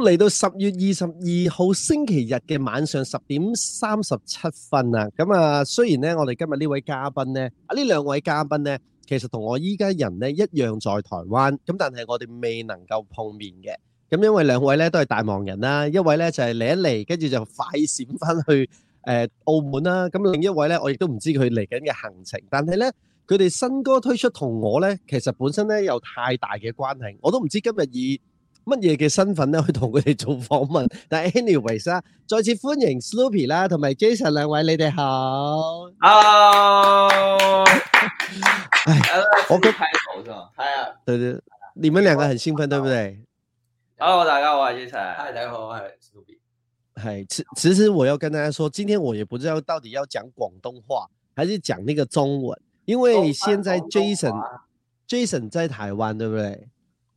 嚟到十月二十二號星期日嘅晚上十點三十七分啊！咁啊，雖然咧，我哋今日呢位嘉賓咧，啊呢兩位嘉賓咧，其實同我依家人咧一樣在台灣，咁但係我哋未能夠碰面嘅。咁因為兩位咧都係大忙人啦，一位咧就係嚟一嚟，跟住就快閃返去誒澳門啦。咁另一位咧，我亦都唔知佢嚟緊嘅行程。但係咧，佢哋新歌推出同我咧，其實本身咧有太大嘅關係，我都唔知今日以乜嘢嘅身份咧，去同佢哋做訪問？但 anyways 啊，再次歡迎 Snoopy 啦，同埋 Jason 兩位，你哋好。Hello， 我該開頭是啊，對對，你們兩個很興奮，對不對？Hello，大家好，係 Jason。嗨，大家好，我係 Snoopy。嗨，其其實我要跟大家說，今天我也不知道到底要講廣東話，還是講那個中文，因為現在 Jason，Jason Jason, Jason 在台灣，對不對？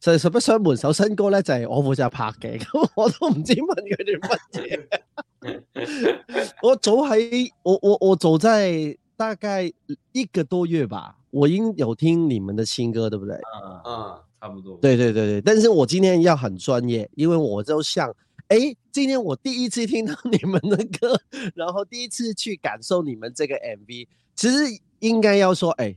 就什十不候門首新歌呢？就 係樂 我負責拍嘅，我都唔知問佢哋乜嘢。我走喺我我我走在大概一個多月吧，我已經有聽你們的新歌，對不對？啊啊，差不多。對對對對，但是我今天要很專業，因為我就想，誒、欸，今天我第一次聽到你們的歌，然後第一次去感受你們這個 MV，其實應該要說，誒、欸。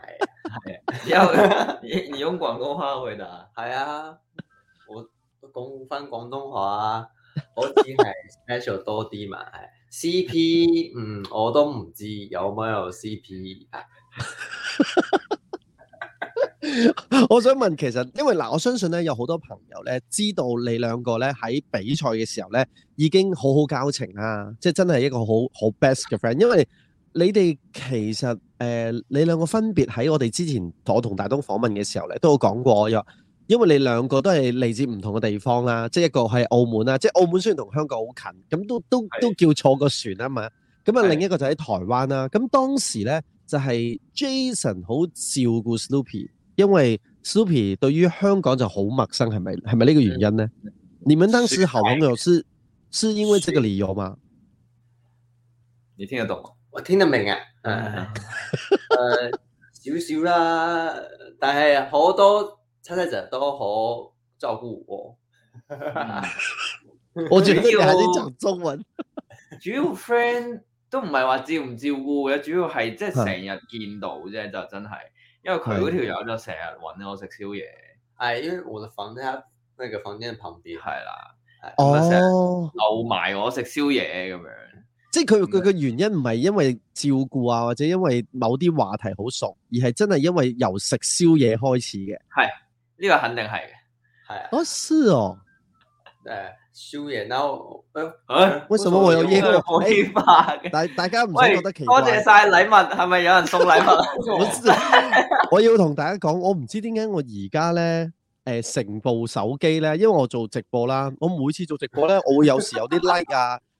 係， 因為你用廣東話去，嗱，係啊，我都講翻廣東話，好似係 special 多啲嘛係。啊、C P 嗯，我都唔知有冇有 C P 啊。 我想問，其實因為嗱，我相信咧有好多朋友咧知道你兩個咧喺比賽嘅時候咧已經好好交情啦，即係真係一個好好 best 嘅 friend，因為。你哋其實誒、呃，你兩個分別喺我哋之前，我同大東訪問嘅時候咧，都有講過，因為你兩個都係嚟自唔同嘅地方啦、啊，即係一個係澳門啦、啊，即係澳門雖然同香港好近，咁都都都叫坐個船啊嘛，咁啊另一個就喺台灣啦、啊。咁當時咧就係、是、Jason 好照顧 Snoopy，因為 Snoopy 對於香港就好陌生，係咪係咪呢個原因咧？你們當時好朋友是，是，是因為這個理由嘛，你聽得懂？我聽得明啊，誒、uh, ，uh, 少少啦，但係好多親戚就都好照顧我。 我主要講中文， 主要 friend 都唔係話照唔照顧嘅，主要係即係成日見到啫，就真係，因為佢嗰條友就成日搵我食宵夜。係 因為我嘅房間，那個房間旁邊係啦，咁成日留埋我食宵夜咁樣。即係佢佢嘅原因唔係因為照顧啊，或者因為某啲話題好熟，而係真係因為由食宵夜開始嘅。係呢、呢個肯定係嘅，係啊。哦，是哦。誒，宵夜，為、哎、什麼、嗯、我有大大家唔想覺得奇怪多謝晒禮物，係咪有人送禮物？ 我，我要同大家講，我唔知點解我而家咧誒，成、呃、部手機咧，因為我做直播啦，我每次做直播咧，我會有時有啲 like、啊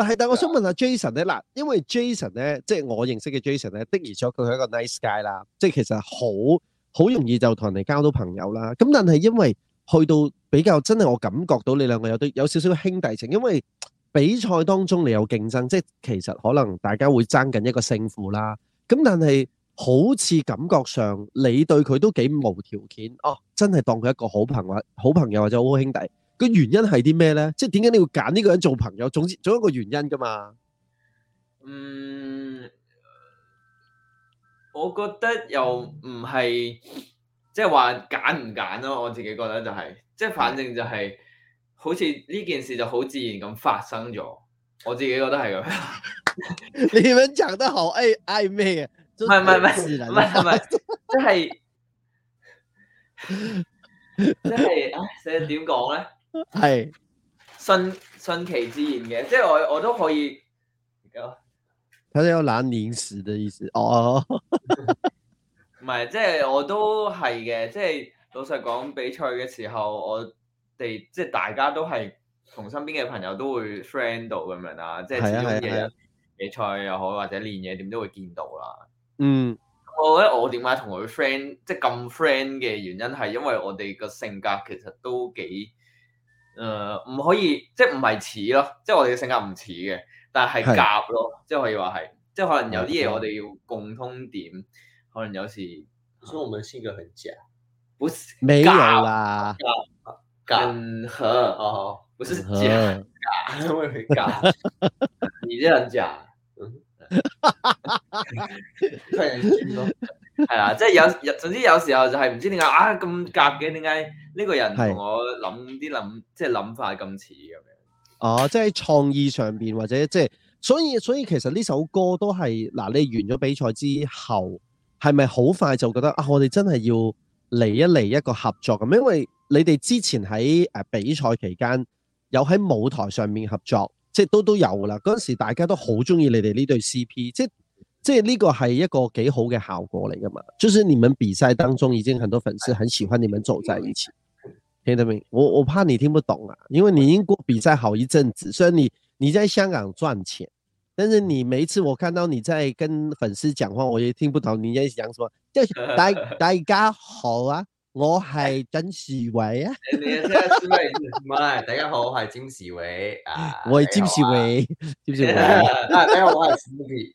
但係，但我想問下 Jason 咧，嗱，因為 Jason 咧，即係我認識嘅 Jason 咧，的而且佢係一個 nice guy 啦，即係其實好好容易就同人哋交到朋友啦。咁但係因為去到比較真係，我感覺到你兩個有啲有少少兄弟情，因為比賽當中你有競爭，即係其實可能大家會爭緊一個勝負啦。咁但係好似感覺上你對佢都幾無條件，哦，真係當佢一個好朋友，好朋友或者好好兄弟。個原因係啲咩咧？即係點解你要揀呢個人做朋友？總之總有一個原因噶嘛。嗯，我覺得又唔係即係話揀唔揀咯。我自己覺得就係、是，即、就、係、是、反正就係、是、好似呢件事就好自然咁發生咗。我自己覺得係咁 你們講得好曖昧嗌咩？啊！唔係唔係唔係，唔係唔係，即係即係，唉，點講咧？係順順其自然嘅，即係我我都可以。睇佢要拿零食嘅意思哦。唔 係，即係我都係嘅，即係老實講，比賽嘅時候我哋即係大家都係同身邊嘅朋友都會 friend 到咁樣啦。即係始終嘅比賽又好，或者練嘢點都會見到啦。嗯，我覺得我點解同佢 friend 即係咁 friend 嘅原因，係因為我哋個性格其實都幾。誒、呃、唔可以，即係唔係似咯，即係我哋嘅性格唔似嘅，但係夾咯，即係可以話係，即係可能有啲嘢我哋要共通點，可能有時。所、嗯、以、嗯、我們性格很夾，不是、啊？沒嗯，啦，夾夾合哦，不是假，會唔會假？假 你這樣講，嗯，太陽金咯。係 啦，即係有，有，總之有時候就係唔知點解啊咁夾嘅，點解呢個人同我諗啲諗，即係諗法咁似咁樣。哦，即係喺創意上邊或者即係，所以所以其實呢首歌都係嗱，你完咗比賽之後，係咪好快就覺得啊，我哋真係要嚟一嚟一個合作咁？因為你哋之前喺誒比賽期間有喺舞台上面合作，即係都都有啦。嗰時大家都好中意你哋呢對 CP，即係。即呢，這個是一個幾好嘅效果嚟㗎嘛？就是你們比賽當中已經很多粉絲很喜歡你們走在一起，聽到未？我我怕你聽不懂啊，因為你英國比賽好一陣子，所以你你在香港賺錢，但是你每一次我看到你在跟粉絲講話，我也聽不懂你在講什麼。就是大家大家好啊，我係甄士偉啊。 你係甄士偉，唔係大家好，我係甄士偉啊，我係甄士偉，甄士偉。大家好，我係 m o v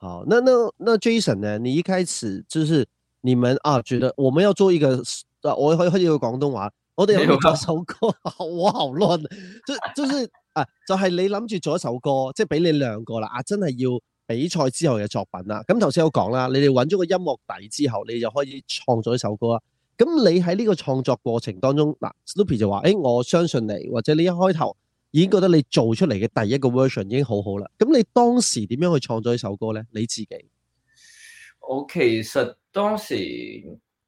好、哦，那那那 Jason 呢？你一開始就是你們啊，覺得我們要做一個啊，我可以我我一個廣東話，我哋有冇做一首歌，我好亂就即係啊，就係你諗住做一首歌，即係俾你兩、 就是啊就是就是、個啦，啊，真係要比賽之後嘅作品啦。咁頭先有講啦，你哋揾咗個音樂底之後，你就開始創作一首歌啦，咁你喺呢個創作過程當中，嗱、啊、Snoopy 就話，誒、欸，我相信你，或者你一開頭。已經覺得你做出嚟嘅第一個 version 已經好好啦。咁你當時點樣去創作呢首歌呢？你自己？我其實當時，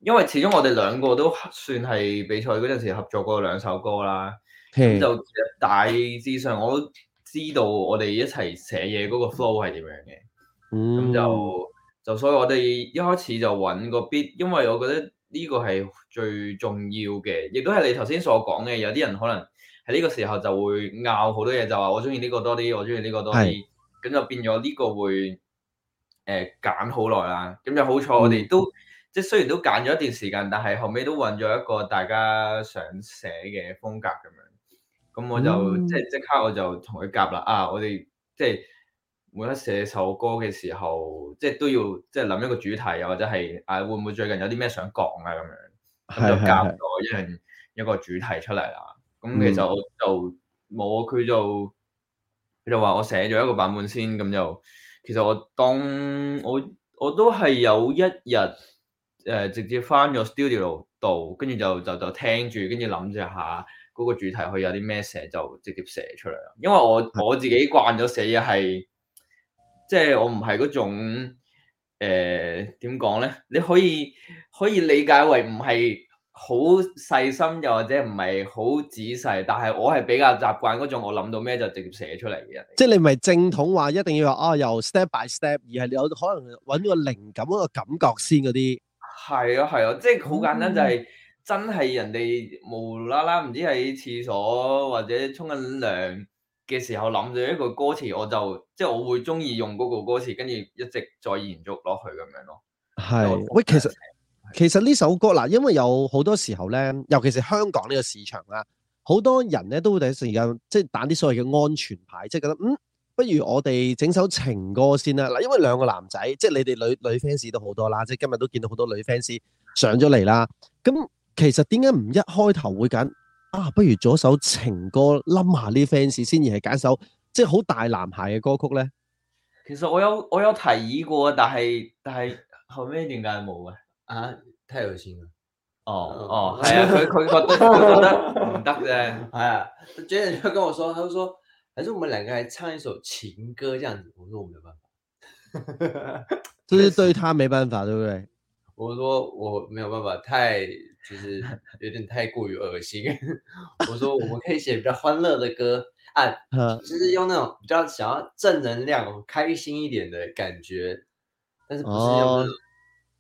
因為始終我哋兩個都算係比賽嗰陣時合作過兩首歌啦，就大致上我知道我哋一齊寫嘢嗰個 flow 係點樣嘅。咁、嗯、就就所以我哋一開始就揾個 beat，因為我覺得呢個係最重要嘅，亦都係你頭先所講嘅，有啲人可能。喺呢個時候就會拗好多嘢，就話我中意呢個多啲，我中意呢個多啲，咁就變咗呢個會誒揀、呃、好耐啦。咁就好彩，我哋都即係雖然都揀咗一段時間，但係後尾都揾咗一個大家想寫嘅風格咁樣。咁我就、嗯、即係即刻我就同佢夾啦。啊，我哋即係每一寫一首歌嘅時候，即係都要即係諗一個主題，又或者係啊會唔會最近有啲咩想講啊咁樣，咁就夾咗一樣一個主題出嚟啦。是是是是。咁其實我就冇佢、嗯、就佢就話我寫咗一個版本先，咁就其實我當我我都係有一日誒、呃、直接翻咗 studio 度，跟住就就就，就聽住，跟住諗住下嗰、那個主題什麼，佢有啲咩寫就直接寫出嚟。因為我、嗯、我自己慣咗寫嘢係，即、就、係、是、我唔係嗰種誒點講咧，你可以可以理解為唔係，好細心又或者唔係好仔細，但係我係比較習慣嗰種，我諗到咩就直接寫出嚟嘅人。即係你唔係正統話一定要話啊，由、哦、step by step，而係你有可能揾個靈感，嗰個感覺先嗰啲。係啊，係啊，即係好簡單就係、是嗯、真係人哋無啦啦唔知喺廁所或者沖緊涼嘅時候諗咗一個歌詞，我就即係我會中意用嗰個歌詞，跟住一直再延續落去咁樣咯。係喂，其實。其實呢首歌嗱，因為有好多時候咧，尤其是香港呢個市場啊，好多人咧都會第一時間即係打啲所謂嘅安全牌，即係覺得嗯，不如我哋整首情歌先啦。嗱，因為兩個男仔，即係你哋女女 fans 都好多啦，即係今日都見到好多女 fans 上咗嚟啦。咁其實點解唔一開頭會揀啊？不如做一首情歌冧下啲 fans 先，而係揀首即係好大男孩嘅歌曲咧？其實我有我有提議過，但係但係後尾點解冇嘅？啊，太惡心了！哦 哦，係、哦、啊，佢佢覺得覺得唔得咧，係啊他居然就跟我說，他就說，還是我們兩個來唱一首情歌這樣子。我說我沒有辦法，這是對於他沒辦法，對不對？我說我沒有辦法，太就是有點太過於惡心。 我說我們可以寫比較歡樂的歌啊，就是用那種比較想要正能量、開心一點的感覺，但是不是用那種。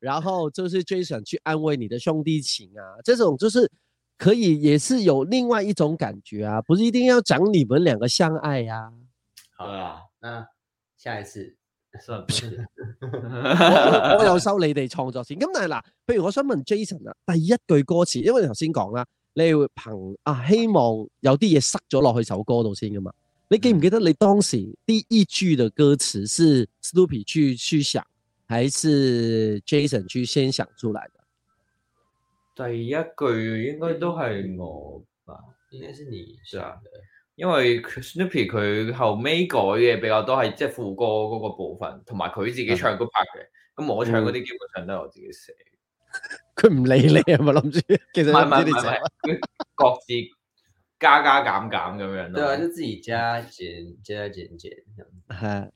然後就是 Jason 去安慰你的兄弟情啊，這種就是可以，也是有另外一種感覺啊，不是一定要講你們兩個相愛呀、啊。好了，那下一次算唔算？ 我有收你哋創作錢。咁但係嗱，譬如我想問 Jason 啊，第一句歌詞，因為你頭先講啦，你要憑啊希望有啲嘢塞咗落去首歌度先噶嘛。你記唔記得你當時第一句的歌詞是、mm -hmm. Stupid 去去想？還是 Jason 去先想出來的，第一句應該都係我吧，應該是你以的，因為 Snoopy 佢後尾改嘅比較多係即係副歌嗰個部分，同埋佢自己唱嗰 part 嘅，咁、嗯、我唱嗰啲基本上都係我自己寫。佢、嗯、唔 理你啊嘛諗住， 其實唔係唔係各自加加減減咁樣咯，對都自己加減加減減咁樣。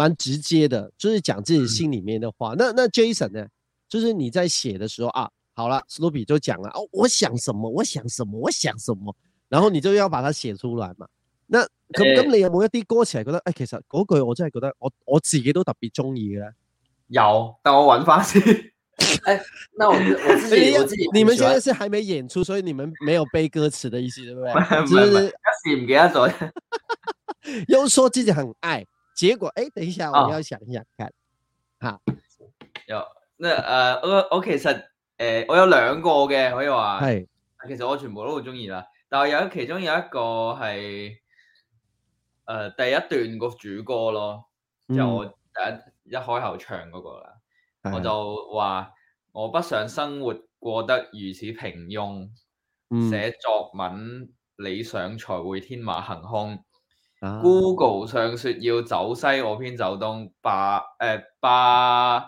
蠻直接的，就是講自己心裏面的話。嗯、那那 Jason 呢？就是你在寫的時候啊，好了，Snoopy 就講啦哦，我想什麼，我想什麼，我想什麼，然後你就要把它寫出來嘛。那咁咁，你有冇一啲歌詞覺得，誒、哎，其實嗰句我真係覺得我我自己都特別中意啦。有，但我玩法先。誒、 哎，那我我自己， 我，自己我自己，你們現在是還沒演出， 所以你們沒有背歌詞的意思，對不對？一時唔記得咗，就是、要要要要 又說自己很愛。結果誒，等一下，我一下，啊啊有呃，我要想一想，睇有，那誒，我我其實誒、呃，我有兩個嘅可以話，係其實我全部都好中意啦，但係有其中有一個係誒、呃、第一段個主歌咯，就我第一、嗯、一開頭唱嗰個啦，我就話我不想生活過得如此平庸，寫作文理想才會天馬行空。Google 上說要走西，我偏走東。爸誒，爸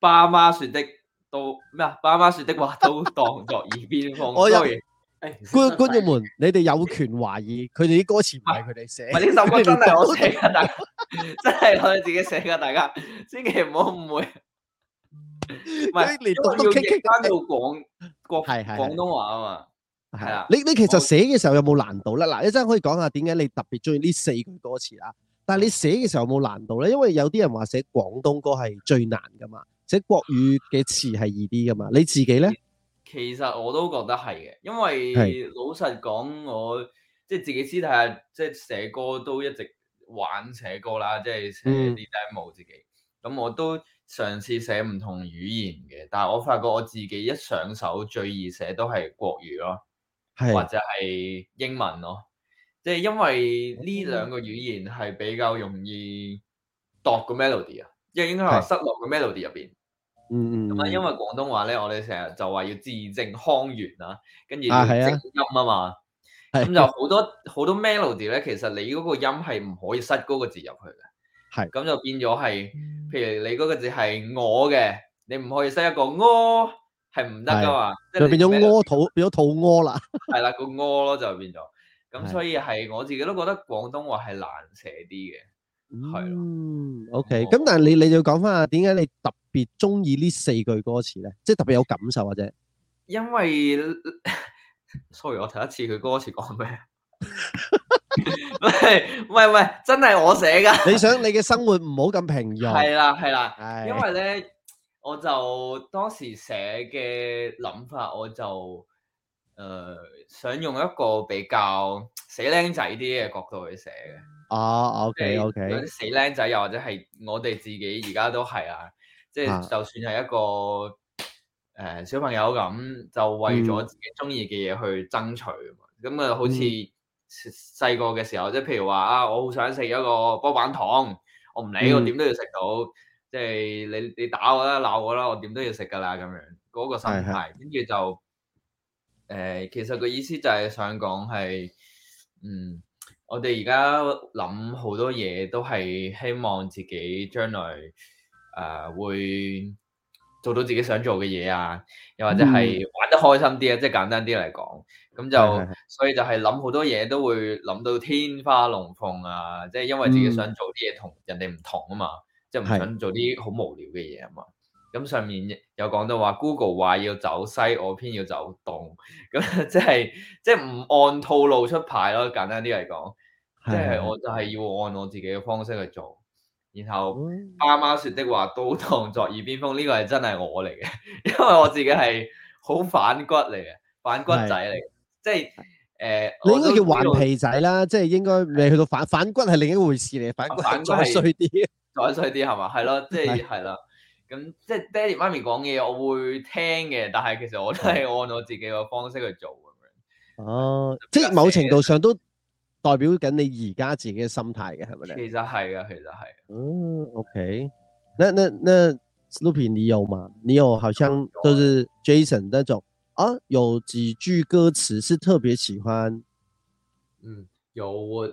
爸媽說的都咩啊？爸媽說的話都當作耳邊風。 我有觀觀眾們，哎、你哋有權懷疑佢哋啲歌詞唔係佢哋寫。唔係，呢首歌真係我寫噶，真係我自己寫噶，大家， 大家千祈唔好誤會。唔係，你都要傾傾翻到廣國係係廣東話啊嘛。係啊，你你其實寫嘅時候有冇難度咧？嗱，你真可以講下點解你特別中意呢四句歌詞啦？但係你寫嘅時候有冇難度咧？因為有啲人話寫廣東歌係最難噶嘛，寫國語嘅詞係易啲噶嘛？你自己咧？其實我都覺得係嘅，因為老實講，我即係自己私底下即係寫歌都一直玩寫歌啦，即係寫啲 demo 自己。咁、嗯、我都嘗試寫唔同語言嘅，但係我發覺我自己一上手最易寫都係國語咯。是或者係英文咯，即係因為呢兩個語言係比較容易度個 melody 啊，即係應該話失落個 melody 入邊。嗯嗯。咁啊，因為廣東話咧，我哋成日就話要字正腔圓啊，跟住要正音啊嘛。咁就好多好多 melody 咧，其實你嗰個音係唔可以塞嗰個字入去嘅。係。咁就變咗係，譬如你嗰個字係我嘅，你唔可以塞一個我。係唔得噶嘛，即係變咗屙肚，變咗肚屙啦。係啦，個屙咯就變咗，咁所以係我自己都覺得廣東話係難寫啲嘅。係咯。嗯，OK。咁但係你，你就講翻下點解你特別中意呢四句歌詞咧？即係特別有感受或者？因為，sorry，我頭一次佢歌詞講咩啊？唔係，唔係，唔係，真係我寫噶。你想你嘅生活唔好咁平庸。係啦，係啦，因為咧。我就當時寫嘅諗法，我就誒、呃、想用一個比較死僆仔啲嘅角度去寫嘅。哦、oh,，OK OK 死。死僆仔，又或者係我哋自己而家都係啊，即、就、係、是、就算係一個誒、呃、小朋友咁，就為咗自己中意嘅嘢去爭取。咁、嗯、啊，好似細個嘅時候，即、嗯、係譬如話啊，我好想食一個波板糖，我唔理我點都要食到。嗯即係你你打我啦鬧我啦，我點都要食噶啦咁樣，嗰個心態，跟住就誒，其實個意思就係想講係，嗯，我哋而家諗好多嘢都係希望自己將來誒會做到自己想做嘅嘢啊，又或者係玩得開心啲啊，嗯，即係簡單啲嚟講，咁就所以就係諗好多嘢都會諗到天花龍鳳啊，即係因為自己想做啲嘢同人哋唔同啊嘛。嗯即係唔想做啲好無聊嘅嘢啊嘛，咁上面有講到話 Google 話要走西，我偏要走東，咁即係即係唔按套路出牌咯。簡單啲嚟講，即係我就係要按我自己嘅方式去做。然後啱啱說的話，都當作耳邊風，呢個係真係我嚟嘅，因為我自己係好反骨嚟嘅，反骨仔嚟嘅，即係誒，你應該叫頑皮仔啦，即係應該未去到反反骨係另一回事嚟，反骨係衰啲。 再衰啲係嘛，係咯，即係啦，咁即係爹哋媽咪講嘢，我會聽嘅，但係其實我都係按我自己嘅方式去做咁樣。哦、啊，即係某程度上都代表緊你而家自己嘅心態嘅，係咪咧？其實係啊，其實係。嗯，OK，那那那，Snoopy，你有嘛？你有，好像就是 Jason 那種啊，有幾句歌詞是特別喜歡。嗯，有我、啊。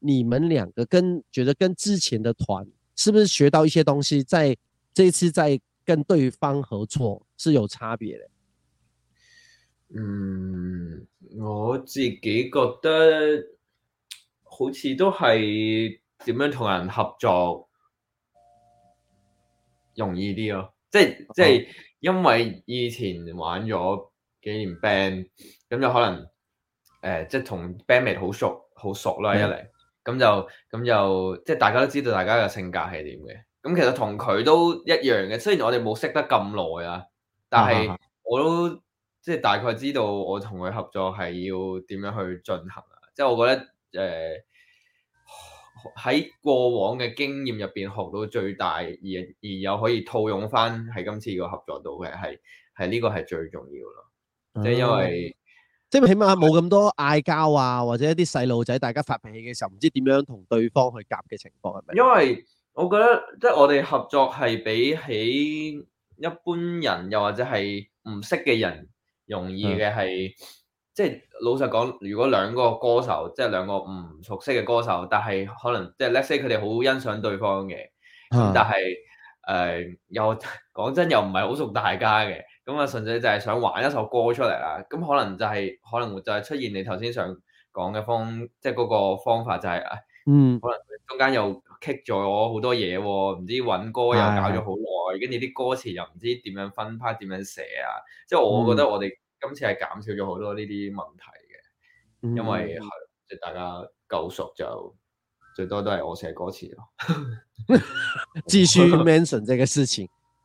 你們兩個跟覺得跟之前的團，是不是學到一些東西在？在這次在跟對方合作，是有差別嘅。嗯，我自己覺得好似都係點樣同人合作容易啲咯、哦。即係、嗯、即係因為以前玩咗幾年 band，咁就可能誒、呃，即係同 bandmate 好熟好熟啦一嚟。嗯咁就咁就即係大家都知道，大家嘅性格係點嘅。咁其實同佢都一樣嘅，雖然我哋冇識得咁耐啊，但係我都即係大概知道我同佢合作係要點樣去進行啊。即係我覺得誒，喺、呃、過往嘅經驗入邊學到最大而而又可以套用翻喺今次要合作到嘅係，係呢個係最重要咯。即係因為。嗯即係起碼冇咁多嗌交啊，或者一啲細路仔大家發脾氣嘅時候，唔知點樣同對方去夾嘅情況係咪？因為我覺得即係、就是、我哋合作係比起一般人又或者係唔識嘅人容易嘅係，即、嗯、係、就是、老實講，如果兩個歌手即係兩個唔熟悉嘅歌手，但係可能即係、就是、let’s say 佢哋好欣賞對方嘅，嗯、但係誒、呃、又講真的又唔係好熟大家嘅。咁啊，純粹就係想玩一首歌出嚟啊！咁可能就係、是，可能會就係出現你頭先想講嘅方，即係嗰個方法就係、是、啊，嗯，可能中間又棘咗我好多嘢喎，唔知揾歌又搞咗好耐，跟住啲歌詞又唔知點樣分 part 點樣寫啊！嗯、即係我覺得我哋今次係減少咗好多呢啲問題嘅，因為即係、嗯、大家夠熟就最多都係我寫歌詞咯。繼 續 mention 這個事情。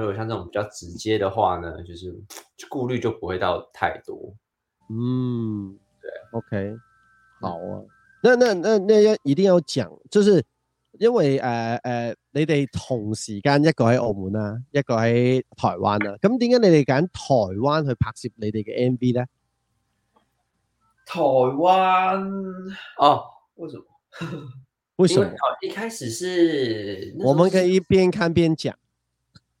如果像這種比較直接的話呢，就是顧慮就不會到太多。嗯，對，OK，好啊。那那那那要一定要講，就是因為誒誒、呃呃，你哋同時間一個喺澳門啊，一個喺台灣啊。咁點解你哋揀台灣去拍攝你哋嘅 MV 咧？台灣？哦，為什麼？為什麼？一開始是，是，我們可以一邊看邊講。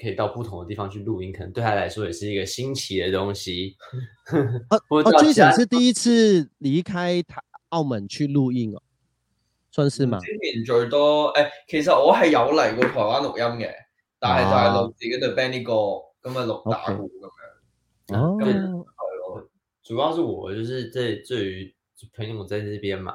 可以到不同的地方去錄音，可能對他來說也是一個新奇的東西。啊、 我最、哦、最想是第一次離開澳門去錄音哦，算是嗎？今年最多，誒、欸，其實我係有嚟過台灣錄音嘅、啊，但係就係錄自己對 band 啲歌，咁樣錄打鼓咁樣。哦、okay. 啊，咁、oh. 主要是我就是對於朋友在呢邊嘛。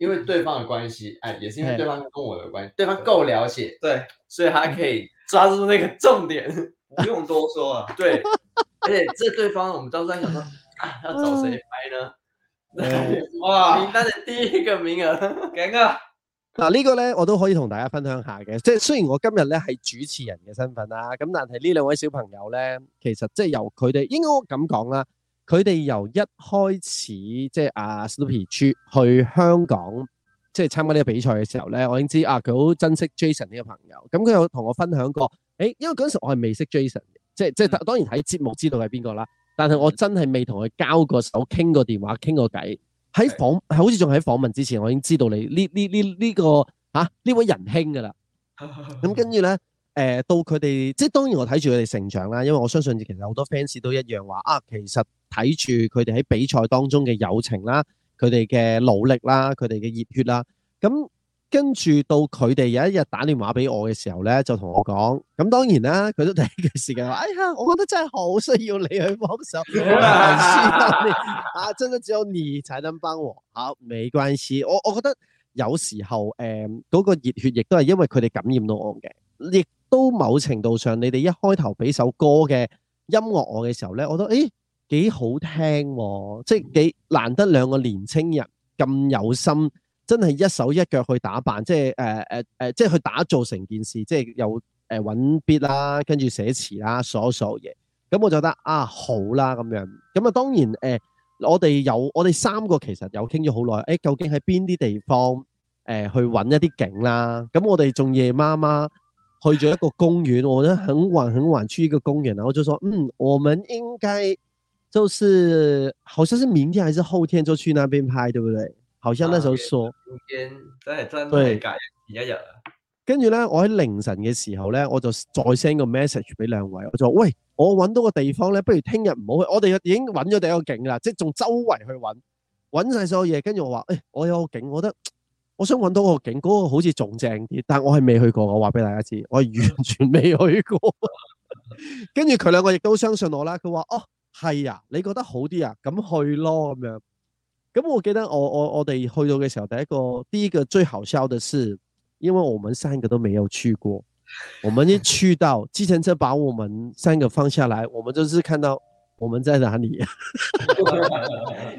因為對方的關係，哎，也是因為對方跟我的關係，對，對方夠了解，對，所以他可以抓住那個重點，不 用多說了、啊。對， 而且這對方，我們都在想說，啊，要找誰拍呢、 哎？哇， 名單的第一個名額、啊，尷尬。嗱，呢個呢，我都可以同大家分享下嘅，即係雖然我今日呢係主持人嘅身份啦、啊，咁但係呢兩位小朋友呢，其實即係由佢哋，應該我咁講啦。佢哋由一開始即係、就、阿、是、Snoopy 去香港即係、就是、參加呢個比賽嘅時候咧，我已經知啊，佢好珍惜 Jason 呢個朋友。咁佢有同我分享過，誒、欸，因為嗰陣時我係未識 Jason，即係即係當然睇節目知道係邊個啦。但係我真係未同佢交過手、傾過電話、傾過偈。喺訪，好似仲喺訪問之前，我已經知道你、這個啊、 呢呢呢呢個嚇呢位仁兄噶啦。咁跟住咧，到佢哋，即係當然我睇住佢哋成長啦，因為我相信其實好多 fans 都一樣話啊，其實。睇住佢哋喺比賽當中嘅友情啦，佢哋嘅努力啦，佢哋嘅熱血啦，咁跟住到佢哋有一日打電話俾我嘅時候咧，就同我講，咁當然啦，佢都第一句時間話，哎呀，我覺得真係好需要你去幫手，啊，真、啊、真、啊、只有你才能幫我。好，冇關係，我我覺得有時候嗰個熱血亦都係因為佢哋感染到我嘅，亦都某程度上，你哋一開頭俾首歌嘅音樂我嘅時候咧，我都誒。幾好聽喎、哦！即係幾難得兩個年青人咁有心，真係一手一腳去打扮，即係、呃呃、即去打造成件事，即係有搵揾 beat 啦，跟住寫詞啦，所有所有嘢。咁我就覺得啊好啦咁樣。咁、嗯、啊當然、呃、我哋有我哋三個其實有傾咗好耐。究竟喺邊啲地方、呃、去搵一啲景啦、啊？咁、嗯、我哋仲夜媽媽去咗一個公園，我覺得很晚很晚出一個公園，我就說嗯，我們應該。就是，好像是明天還是後天就去那邊拍，對不對？好像那時候說，後天真係真係隔一日。跟住咧，我喺凌晨嘅時候咧，我就再 send 個 message 俾兩位說，我就喂，我搵到個地方咧，不如聽日唔好去，我哋已經搵咗第一個景啦，即係仲周圍去搵，搵晒所有嘢。跟住我話，誒，我有個景，我覺得，我想搵到個景，嗰個好似仲正啲，但係我係未去過，我話俾大家知，我完全未去過。 跟住佢兩個亦都相信我啦，佢話，哦。係、哎、啊，你覺得好啲啊，咁去咯咁樣。咁我記得我我我哋去到嘅時候，第一個呢個最好笑的是，因為我們三個都沒有去過，我們一去到，計程車把我們三個放下來，我們就是看到我們在哪裏，啊，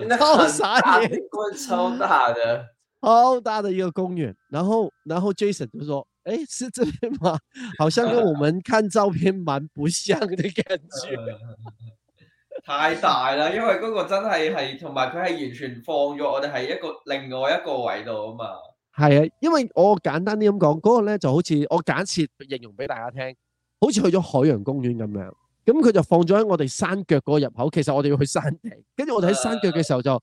然後傻眼，個超大的超大的一個公園，然後然後 Jason 就說，誒、欸，是這邊嗎？好像跟我們看照片蠻不像的感覺。 太大啦，因為嗰個真係係，同埋佢係完全放咗我哋喺一個另外一個位度啊嘛。係啊，因為我簡單啲咁講，嗰個咧就好似我假設形容俾大家聽，好似去咗海洋公園咁樣，咁佢就放咗喺我哋山腳嗰個入口。其實我哋要去山頂，跟住我哋喺山腳嘅時候就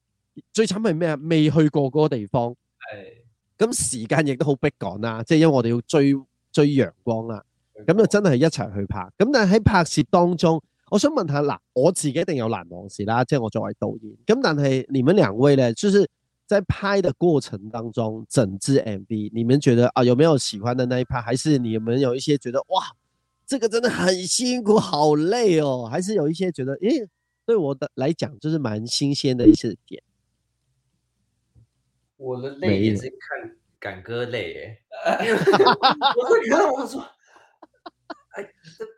最慘係咩啊？未去過嗰個地方。係。咁時間亦都好逼趕啦，即係因為我哋要追追陽光啦，咁就真係一齊去拍。咁但係喺拍攝當中。我想問他嗱，我自己一定有難忘事啦，即係我作為導演。咁，但係你們兩位呢，就是在拍的過程當中整支 MV，你們覺得啊，有沒有喜歡的那一 part？還是你們有一些覺得哇，這個真的很辛苦，好累哦，還是有一些覺得，誒、欸，對我的來講，就是蠻新鮮的一些點。我的累也是看感歌累誒， 我睇我哎。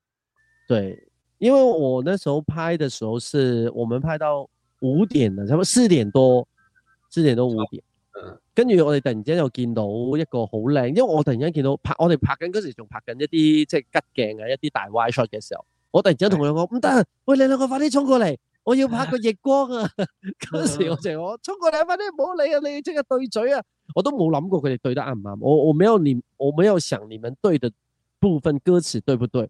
對，因為我那時候拍的時候是，是我們拍到五點的，差不多四點多，四點多五點。嗯、跟住我哋突然之間又見到一個好靚，因為我突然間見到拍，我哋拍緊嗰時仲拍緊一啲即係吉鏡啊，一啲大 wide shot 嘅時候，我突然之間同佢哋講唔得，喂，你兩個快啲衝過嚟，我要拍個逆光啊！嗰、啊、 時我就我衝過嚟，快啲唔好理啊，你即刻對嘴啊！我都冇諗過佢哋對得啱唔啱，我我沒有你，我沒有想你們對的部分歌詞對不對？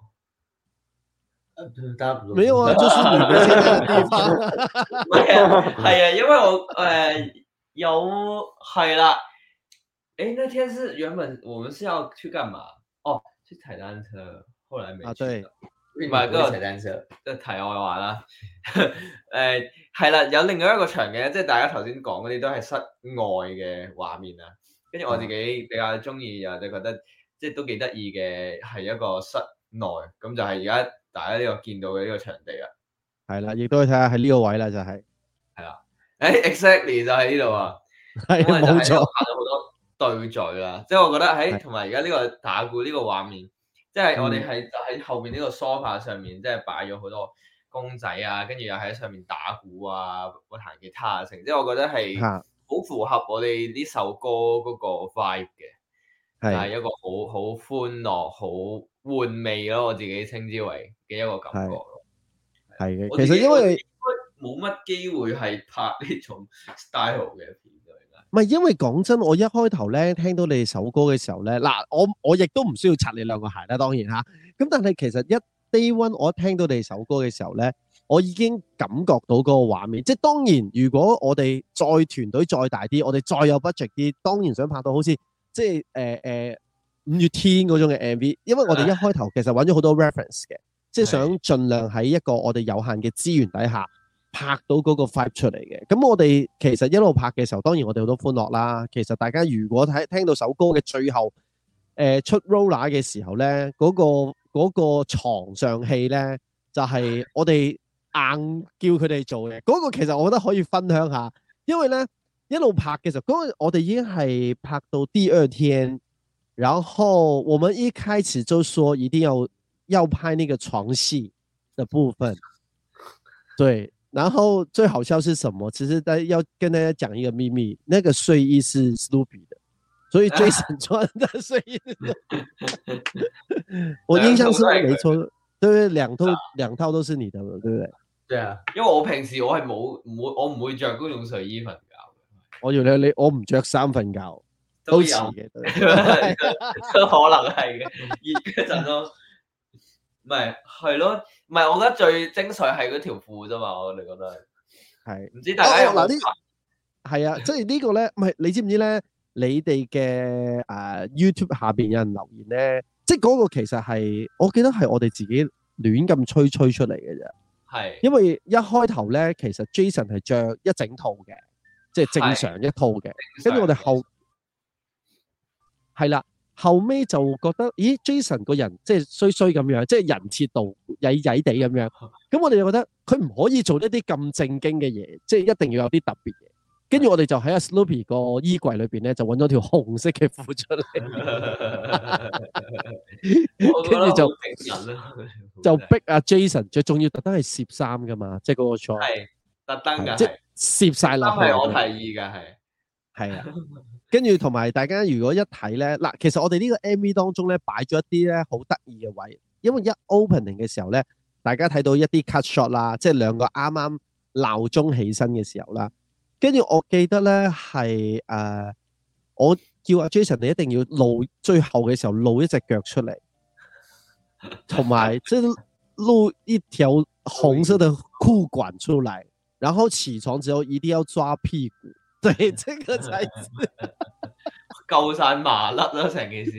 沒有啊，就是你哋先。係啊，係啊，因為我誒、呃、有係啦。誒，那天是原本我們是要去幹嘛？哦，去踩單車，後來沒去。啊，對，另外一個踩單車嘅題外話啦。誒、 呃，係啦，有另外一個場景，即係大家頭先講嗰啲都係室外嘅畫面啊。跟住我自己比較中意，啊、嗯、就覺得即係都幾得意嘅，係一個室內咁就係而家。大家呢個見到嘅呢個場地啊，係啦，亦都可以睇下喺呢個位啦，就係係啦，誒，exactly 就喺呢度啊，係冇錯。拍咗好多對嘴啦，即係、就是、我覺得喺同埋而家呢個打鼓呢個畫面，即、就、係、是、我哋係喺後邊呢個梳化上面，即係擺咗好多公仔啊，跟住又喺上面打鼓啊，或彈吉他啊等等，成，即係我覺得係好符合我哋呢首歌嗰個 vibe。係一個好好歡樂、好玩味咯，我自己稱之為嘅一個感覺。係嘅，其實因為冇乜機會係拍呢種 style 嘅片嘅。唔係，因為講真，我一開頭咧聽到你首歌嘅時候咧，嗱，我我亦都唔需要拆你兩個鞋啦，當然吓。咁但係其實一 day one 我聽到你首歌嘅時候咧，我已經感覺到嗰個畫面。即係當然，如果我哋再團隊再大啲，我哋再有 budget 啲，當然想拍到好似。即係誒誒五月天嗰種嘅 MV，因為我哋一開頭其實揾咗好多 reference 嘅，即係想盡量喺一個我哋有限嘅資源底下拍到嗰個 feel 出嚟嘅。咁我哋其實一路拍嘅時候，當然我哋好多歡樂啦。其實大家如果睇聽到首歌嘅最後誒、呃、出 roller 嘅時候咧，嗰、嗰個、嗰個床上戲咧，就係、是、我哋硬叫佢哋做嘅。嗰、嗰個其實我覺得可以分享下，因為咧。一路拍嘅時候，我哋已經係拍到第二天，然後我們一開始就說一定要要拍那個床戲的部分，對，然後最好笑是什麼？其實，要跟大家講一個秘密，那個睡衣是 Snoopy 的，所以 Jason、啊、穿的睡衣 我印象是沒錯，對兩套、啊、對兩套都是你的，對不對？對啊，因為我平時我係冇我唔會着嗰種睡衣裙。我以為你你我唔着衫瞓覺，都有嘅，對 都可能係嘅，熱一陣咯，唔係係咯，唔係我覺得最精髓係嗰條褲啫嘛，我你覺得係，唔知大家有留意、哦，係啊， 啊，即係呢個咧，唔係你知唔知咧？你哋嘅誒 YouTube 下邊有人留言咧，即係嗰個其實係我記得係我哋自己亂咁吹吹出嚟嘅啫，係因為一開頭咧，其實 Jason 係着一整套嘅。即係正常一套嘅，跟住我哋後係啦，後尾就覺得，咦，Jason 個人即係衰衰咁樣，即係人設度曳曳地咁樣，咁我哋就覺得佢唔可以做一啲咁正經嘅嘢，即係一定要有啲特別嘢。跟住我哋就喺阿 Snoopy 個衣櫃裏邊咧，就揾咗條紅色嘅褲出嚟，跟 住 就 就逼阿 Jason，最重要是特登係攝衫噶嘛，即係嗰個錯，係特登㗎。就是涉晒立法，係我提議嘅，係係啊，跟住同埋大家如果一睇咧，嗱，其實我哋呢個 M V 當中咧擺咗一啲咧好得意嘅位，因為一 opening 嘅時候咧，大家睇到一啲 cut shot 啦，即、就、係、是、兩個啱啱鬧鐘起身嘅時候啦，跟住我記得咧係誒，我叫阿 Jason 你一定要露最後嘅時候露一隻腳出嚟，同埋即係露一條紅色嘅褲管出嚟。然後起床之後一定要抓屁股，對，呢個仔夠晒麻甩啦成件事。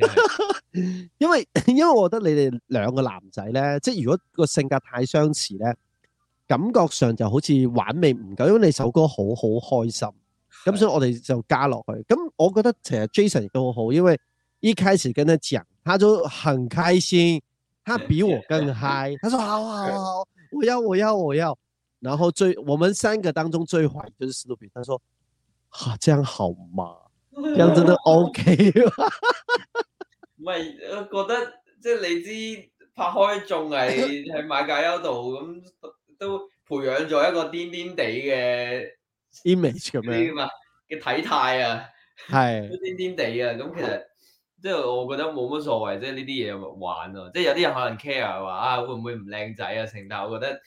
因為因為我覺得你哋兩個男仔咧，即係如果個性格太相似咧，感覺上就好似玩味唔夠，因為你首歌好好開心，咁所以我哋就加落去。咁我覺得其實 Jason 亦都好好，因為一開始跟間咧，他都很開心，他比我更嗨，他說好好好，我要我要我要。然後最，我們三個當中最壞就是 Snoopy，他說，哈，這樣好嗎？這樣真的 OK 嗎？唔係，我覺得即係你知拍開綜藝喺馬介休度咁，都培養咗一個癲癲地嘅 image 咁樣，啲嘛嘅體態啊，係癲癲地啊，咁其實即係我覺得冇乜所謂，即係呢啲嘢玩咯，即係有啲人可能 care 話啊會唔會唔靚仔啊成，但係我覺得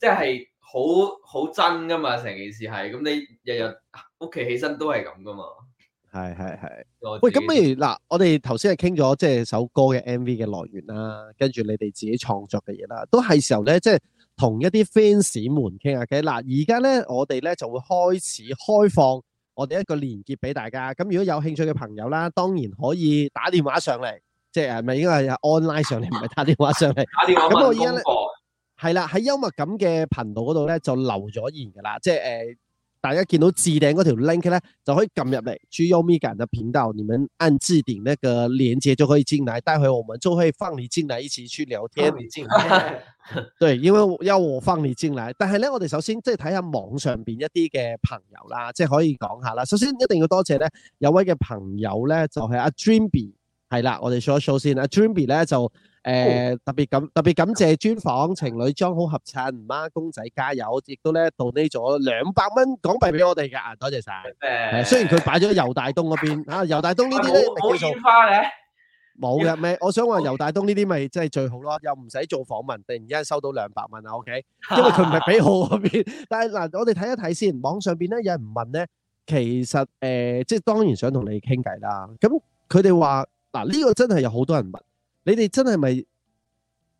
即係。好好真噶嘛，成件事係咁，咁你日日屋企起身都係咁噶嘛？係係係。喂，咁不如嗱，我哋頭先係傾咗即係首歌嘅 MV 嘅來源啦，跟住你哋自己創作嘅嘢啦，都係時候咧，即係同一啲 fans 們傾下偈。嗱、啊，而家咧我哋咧就會開始開放我哋一個連結俾大家。咁如果有興趣嘅朋友啦，當然可以打電話上嚟，即係唔係應該係 online 上嚟，唔係打電話上嚟。 打電話。咁我依家咧。係啦，喺幽默感嘅頻道嗰度咧就留咗言噶啦，即係、呃、大家見到置頂嗰條 link 咧就可以撳入嚟。G U M E a n 嘅頻道，你們，按置頂呢個連結就可以進來。待會我們就可以放你進來，一起去聊天。你進，對，因為要我放你進來。但係咧，我哋首先即係睇下網上邊一啲嘅朋友啦，即係可以講下啦。首先一定要多謝咧，有位嘅朋友咧就係、是、阿、啊、Dreamy，係啦，我哋數一數先啦。啊、Dreamy 咧就。誒，特別感特別感謝專訪情侶裝好合襯，孖公仔加油，亦都咧度呢咗兩百蚊港幣俾我哋嘅，啊多謝晒。誒，雖然佢擺咗尤大東嗰邊，吓，尤大東呢啲咧冇煙花嘅，冇嘅咩？我想話尤大東呢啲咪真係最好咯，又唔使做訪問，突然間收到兩百蚊啊，OK？因為佢唔係俾我嗰邊，但係嗱，我哋睇一睇先，網上邊咧有人問咧，其實誒，即係當然想同你傾偈啦。咁佢哋話嗱，呢個真係有好多人問。你哋真係咪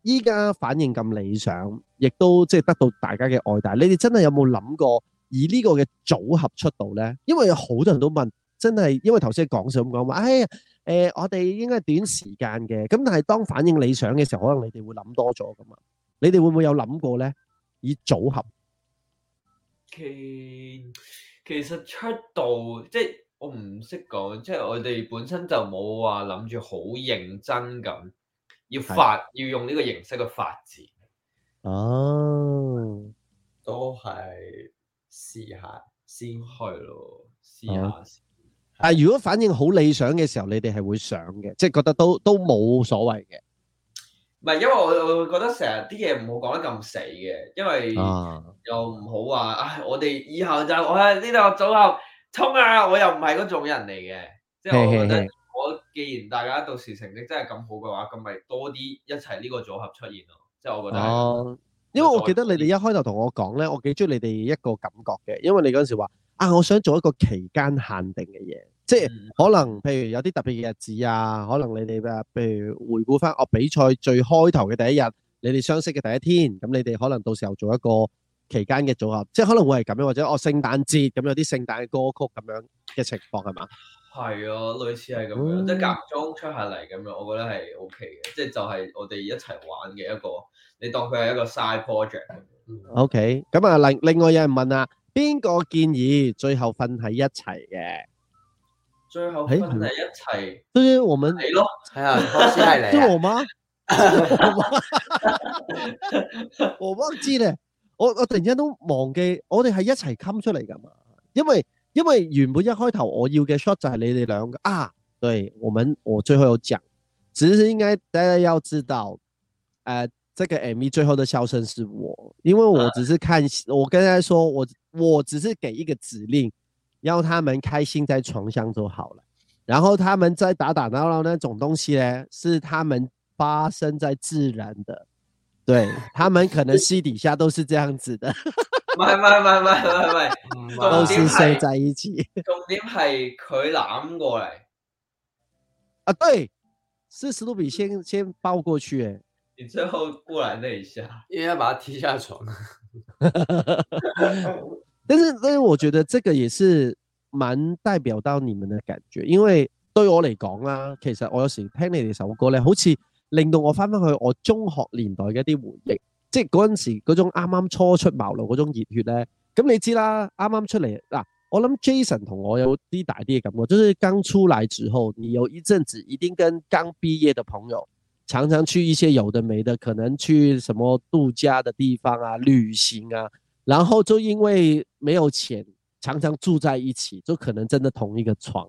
依家反應咁理想，亦都即係得到大家嘅愛戴？你哋真係有冇諗過以呢個嘅組合出道呢？因為有好多人都問，真係因為頭先講想講話，哎呀，誒我哋應該係短時間嘅，咁但係當反應理想嘅時候，可能你哋會諗多咗㗎嘛？你哋會唔會有諗過呢？以組合，其其實出道即係。我唔識講，即係我哋本身就冇話諗住好認真咁要發，要用呢個形式嘅發展。哦，都係試下先去咯，試下試。先，哦，係如果反應好理想嘅時候，你哋係會想嘅，即係覺得都都冇所謂嘅。唔係，因為我我覺得成日啲嘢，唔好講得咁死嘅，因為又唔好話，唉、啊哎，我哋以後就我喺呢度組合。衝啊！我又唔係嗰種人嚟嘅，即係我覺得我既然大家到時成績真係咁好嘅話，咁咪多啲一齊呢個組合出現咯。即係我覺得哦，因為我記得你哋一開頭同我講咧，我幾中意你哋一個感覺嘅，因為你嗰陣時話啊，我想做一個期間限定嘅嘢，即係可能譬如有啲特別嘅日子啊，可能你哋嘅，譬如回顧翻我比賽最開頭嘅第一日，你哋相識嘅第一天，咁你哋可能到時候做一個。期間嘅組合，即係可能會係咁樣，或者我、哦、聖誕節咁有啲聖誕嘅歌曲咁樣嘅情況係嘛？係啊，類似係咁樣，嗯、即係間中出下嚟咁樣，我覺得係 O K 嘅，即係就係、是、我哋一齊玩嘅一個，你當佢係一個 side project。O K，咁啊，另另外有人問啊，邊個建議最後瞓喺一齊嘅？最後瞓喺一齊，都、欸、係我咪你咯？係 啊我媽，係 你，係我嗎？我忘記嘞。我我突然間都忘記，我哋係一齊看出來的嘛？因為因為原本一開頭我要嘅 shot 就係你哋兩個啊，對我們我最後有講，只是應該大家要知道，呃、這個 MV 最後的笑聲是我，因為我只是看，啊、我跟大家說我我只是給一個指令，讓他們開心在床上就好了，然後他們在打打鬧鬧那種東西呢，是他們發生在自然的。 對他們可能私底下都是這樣子的，唔係唔係唔係唔係唔係，都是睡在一起。 重點係佢攬過嚟，啊對，是 Snoopy 先先抱過去誒，你最後過來那一下，應該把他踢下床 但。但是但是，我覺得這個也是蠻代表到你們的感覺，因為對我嚟講啦，其實我有時聽你哋首歌呢，好似，令到我返返去我中學年代嘅一啲回憶，即係嗰陣時嗰種啱啱初出茅廬嗰種熱血呢。咁你知啦，啱啱出嚟嗱、啊，我諗 Jason 同我有啲大啲嘅感覺，就是剛出來之後，你有一陣子一定跟剛畢業的朋友，常常去一些有的沒的，可能去什麼度假的地方啊、旅行啊，然後就因為沒有錢，常常住在一起，就可能真的同一個床。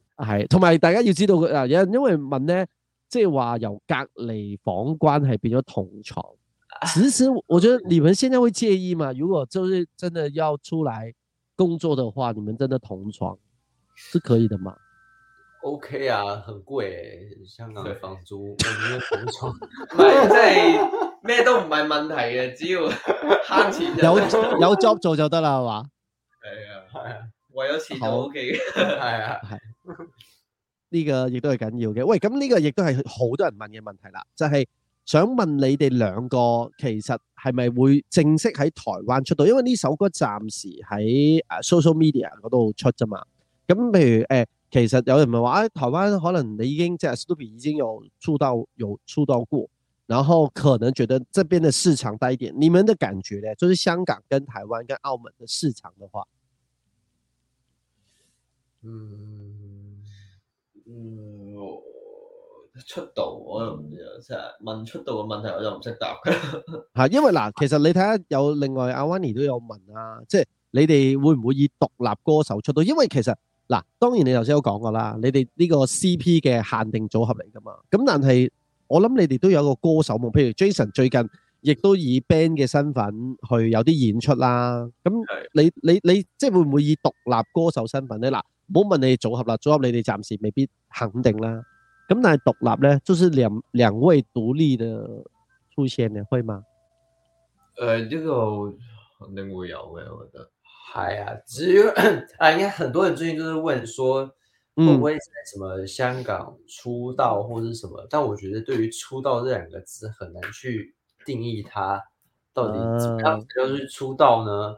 係，同埋大家要知道啊，有因為問咧，即係話由隔離房關係變咗同床，其實，我覺得你們現在會介意嘛？如果就是真的要出來工作的話，你們真的同床是可以的嘛？OK 啊，很貴，香港房租我覺得同床，唔 係， 即係咩都唔係問題嘅，只要慳錢就，有有 job 做就得啦，係嘛？係、哎、啊、係、OK，為咗錢好係啊，係。呢、這個亦都係緊要嘅，喂，咁呢個亦都係好多人問嘅問題啦，就係、是、想問你哋兩個，其實係咪會正式喺台灣出道？因為呢首歌暫時喺 social media 嗰度出啫嘛。咁譬如誒、呃，其實有人咪話、啊、台灣可能你已經即係 studio 已經有出道有出道過，然後可能覺得這邊嘅市場低一點。你們的感覺咧，就是香港、跟台灣、跟澳門的市場的話，嗯。嗯，出道我又唔知啊，問出道嘅問題，我又唔識答。吓，因為嗱，其實你睇下有另外阿 Wanny 都有問啊，即係你哋會唔會以獨立歌手出道？因為其實嗱，當然你頭先都講過啦，你哋呢個 CP 嘅限定組合嚟噶嘛。咁但係我諗你哋都有個歌手夢，譬如 Jason 最近亦都以 band 嘅身份去有啲演出啦。咁你你你即係會唔會以獨立歌手身份咧？嗱。冇問你組合啦，組合你哋暫時未必肯定啦。咁但係獨立咧，就是兩兩位獨立的出現咧，會嗎？誒，呢個嘅、呃這個那個、我都。係、哎、啊，只有啊，很多人最近就是問，說會唔會在、嗯、什麼香港出道或者什麼，但我覺得對於出道這兩個字，很難去定義它到底出道呢？嗯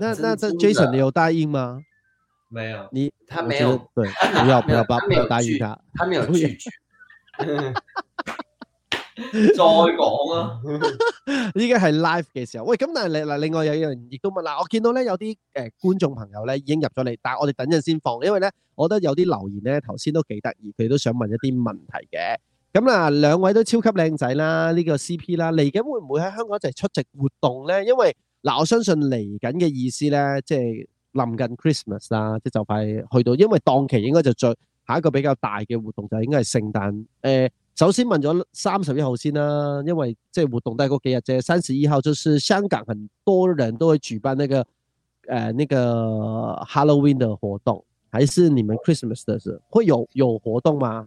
那那，但 Jason，你有答應嗎？沒有，你他沒有，對，不要不要，不要答應他，他沒有拒絕。再講啊，依家係 live 嘅時候。喂，咁但係你嗱，另外有人亦都問，嗱，我見到咧有啲誒觀眾朋友咧已經入咗嚟，但係我哋等陣先放，因為咧我覺得有啲留言咧頭先都幾得意，佢哋都想問一啲問題嘅。咁啊，兩位都超級靚仔啦，呢個 CP 啦，嚟緊會唔會喺香港一齊出席活動咧？因為嗱、啊，我相信嚟緊嘅意思咧，即、就、係、是、臨近 Christmas 啦，即、就、係、是、就快去到，因為檔期應該就最下一個比較大嘅活動就應該係聖誕。誒、呃，首先問咗三十一號先啦、啊，因為即係活動都係嗰幾日啫。三十一號就是香港很多人都會舉辦呢個誒、呃，呢個 Halloween 嘅活動，還是你們 Christmas 嘅時候會有有活動嗎？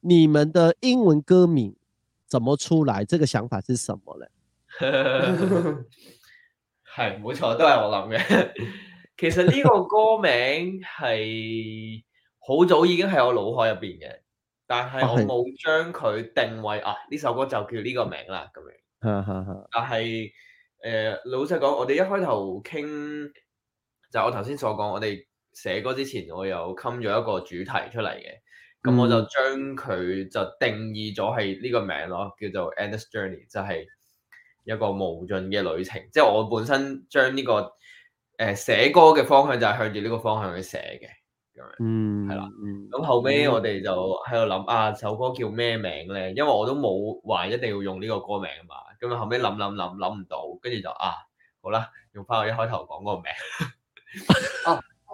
你們的英文歌名怎麼出來？這個想法是什麼呢？係，冇錯，都係我諗嘅。 其實呢個歌名係好早已經喺我腦海入邊嘅，但係我冇將佢定位啊呢、啊、首歌就叫呢個名啦咁樣。 但係誒、呃，老實講，我哋一開頭傾就我頭先所講，我哋寫歌之前，我有 come 咗一個主題出嚟嘅。咁、嗯、我就將佢就定義咗係呢個名咯，叫做 Endless Journey，就係一個無盡嘅旅程。即、就、係、是、我本身將呢、這個誒、呃、寫歌嘅方向就係向住呢個方向去寫嘅咁樣，係、嗯、啦。咁後尾我哋就喺度諗啊，首歌叫咩名咧？因為我都冇話一定要用呢個歌名啊嘛。咁啊後尾諗諗諗諗唔到，跟住就啊，好啦，用翻我一開頭講嗰個名。 啊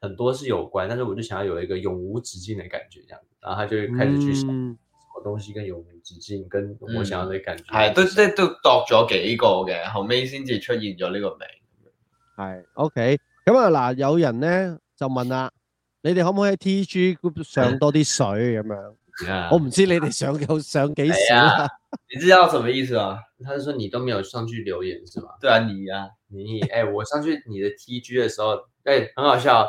很多是有關，但是我就想要有一個永無止境的感覺，這樣子，然後他就會開始去想，嗯，什麼東西跟永無止境，跟我想要的感覺，嗯。係，都即係都度咗幾個嘅，後尾先至出現咗呢個名。係，OK，咁啊嗱，有人咧就問啦，你哋可唔可以喺 TG 上多啲水咁，哎、樣？哎、我唔知你哋上夠上幾時啦、哎。你知道什麼意思啊？佢 就說你都沒有上去留言，是吧？對啊，你啊，你，誒、哎，我上去你的 TG 嘅時候，誒、哎，很好笑，啊。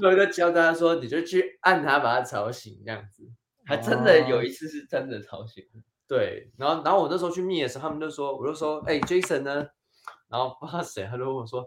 所 以就教大家說你就去按他，把他吵醒，這樣子，還真的有一次是真的吵醒。哦、對，然後然後我那時候去密的時候，他們就說，我就說，誒、欸、，Jason 呢？然後不知點，他就問我說，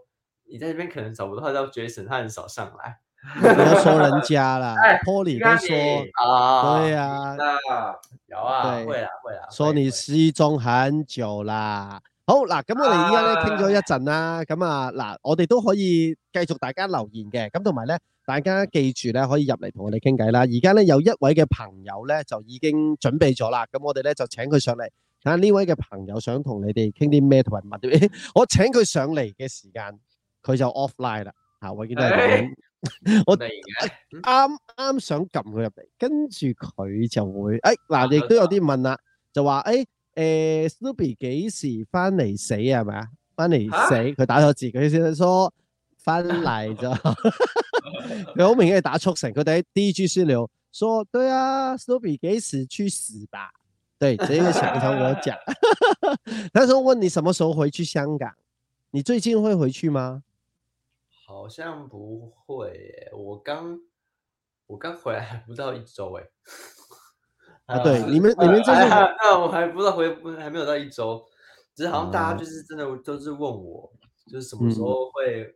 你在呢邊可能找不到，叫 Jason，他很少上來。都 說人家啦、 欸、，Polly 都說啊、哦，對啊，有啊，會啦會啦。說你失蹤很久啦，好嗱，咁我哋依家咧傾咗一陣啦，咁啊嗱、啊，我哋都可以繼續大家留言嘅，咁同埋咧。大家記住咧，可以入嚟同我哋傾偈啦。而家咧有一位嘅朋友咧，就已經準備咗啦。咁我哋咧就請佢上嚟。睇下呢位嘅朋友想同你哋傾啲咩同埋乜嘢？我請佢上嚟嘅時間，佢就 offline 啦。嚇，永遠都係咁。我啱啱想撳佢入嚟，跟住佢就會誒嗱，亦都有啲問啦，就話誒誒，Snoopy 幾時翻嚟死啊？係咪啊？翻嚟死，佢打咗字，佢先至疏翻嚟咗。劉明嘅答出成，佢哋第一句是聊，說：對啊，Snoopy 幾死，去死吧。對，直接上想場我講。他說：問你什麼時候回去香港？你最近會回去嗎？好像不會耶，我剛我剛回來還不到一周誒、 啊。啊，對，你們、啊、你們真係，那、啊啊、我還不知道回，還沒有到一周。只係好像大家就是真的，都是問我，嗯、就是什麼時候會。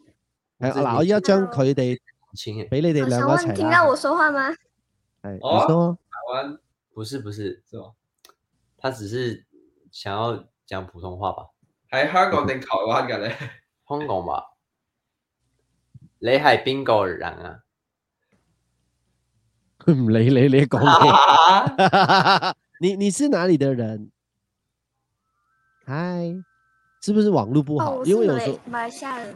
係嗱，我而家將佢哋請俾你哋兩個一齊聽到我說話嗎？係、哎。哦、oh？台灣？不是，不是，是。他只是想要講普通話吧？喺香港定台灣嘅咧？香港吧。你係邊個人啊？唔， 你你講嘢。你你是哪裏的人嗨，Hi? 是不是網絡不好、oh,？因為有時候。馬來西亞人。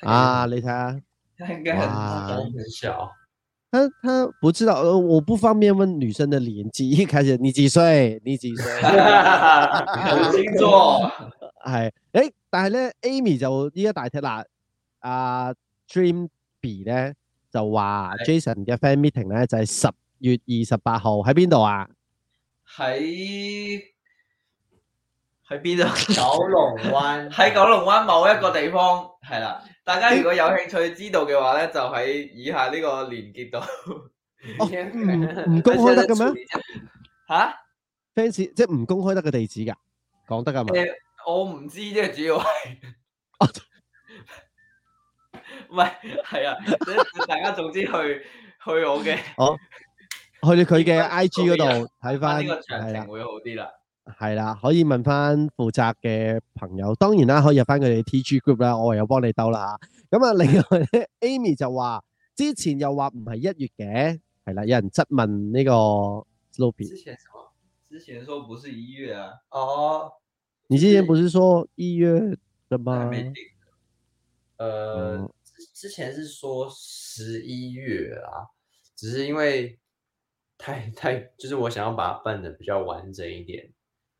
啊，你睇下、啊，他應該很小，他不知道，我不方便問女生的年紀。一開始你幾歲？你幾歲？唔清楚。係，誒，但係咧，Amy 就依家大聽啦。阿、啊、Dream B 咧就話，Jason 嘅 fan meeting 咧就係、是、十月二十八號喺邊度啊？喺喺邊度？在哪裡 九龍龍灣灣。喺 九龍灣某一個地方，係 啦、嗯。大家如果有興趣知道嘅話咧，就喺以下呢個連結度。唔、哦、 公開得嘅咩？吓？fans 即係唔公開得嘅地址噶，講得噶嘛？我唔知即係主要係。唔 係， 係啊！大家總之去 去我嘅的、哦，我 去佢嘅 IG 嗰度睇翻。呢、啊這個詳情會好啲啦。係啦，可以問翻負責嘅朋友，當然啦，可以入翻佢哋 TG group 啦，我有幫你兜啦，咁啊，另外 Amy 就話之前又話唔係一月嘅，係啦，有人質問呢個 Snoopy 之前之前說不是一月啊，哦，你之前不是說一月的嗎？誒、呃嗯，之前是說十一月啦，只是因為太太，就是我想要把它辦得比較完整一點。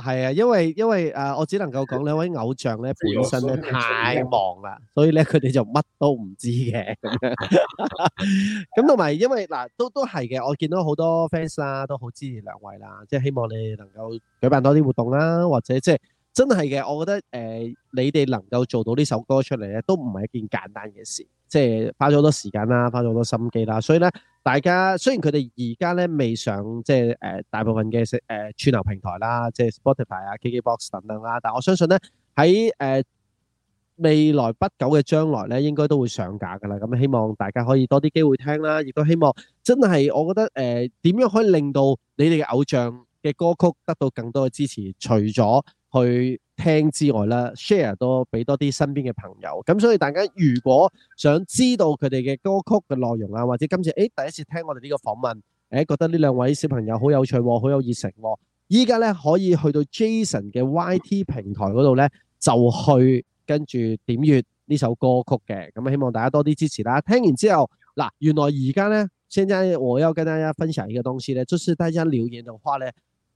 係啊，因為因為誒，我只能夠講兩位偶像咧本身咧太忙啦，所以咧佢哋就乜都唔知嘅。咁同埋因為嗱，都都係嘅，我見到好多 fans 啦，都好支持兩位啦，即係希望你哋能夠舉辦多啲活動啦，或者即係真係嘅，我覺得誒，你哋能夠做到呢首歌出嚟咧，都唔係一件簡單嘅事，即係花咗好多時間啦，花咗好多心機啦，所以咧。大家，雖然佢哋而家呢，未上即係，誒大部分嘅誒串流平台啦，即係 Spotify 啊、KKBox 等等啦，但我相信呢，喺誒未來不久嘅將來呢，應該都會上架㗎喇。咁希望大家可以多啲機會聽啦。亦都希望真係，我覺得誒，點樣可以令到你哋嘅偶像嘅歌曲得到更多嘅支持，除咗去。聽之外啦，share 多俾多啲身邊嘅朋友。咁所以大家如果想知道佢哋嘅歌曲嘅內容啊，或者今次誒第一次聽我哋呢個訪問誒，覺得呢兩位小朋友好有趣，好有熱誠。依家咧可以去到 Jason 嘅 YT 平台嗰度咧，就去跟住點閱呢首歌曲嘅。咁希望大家多啲支持啦。聽完之後，嗱，原來而家咧，現在我要跟大家分享一個東西咧，就是大家留言嘅話咧。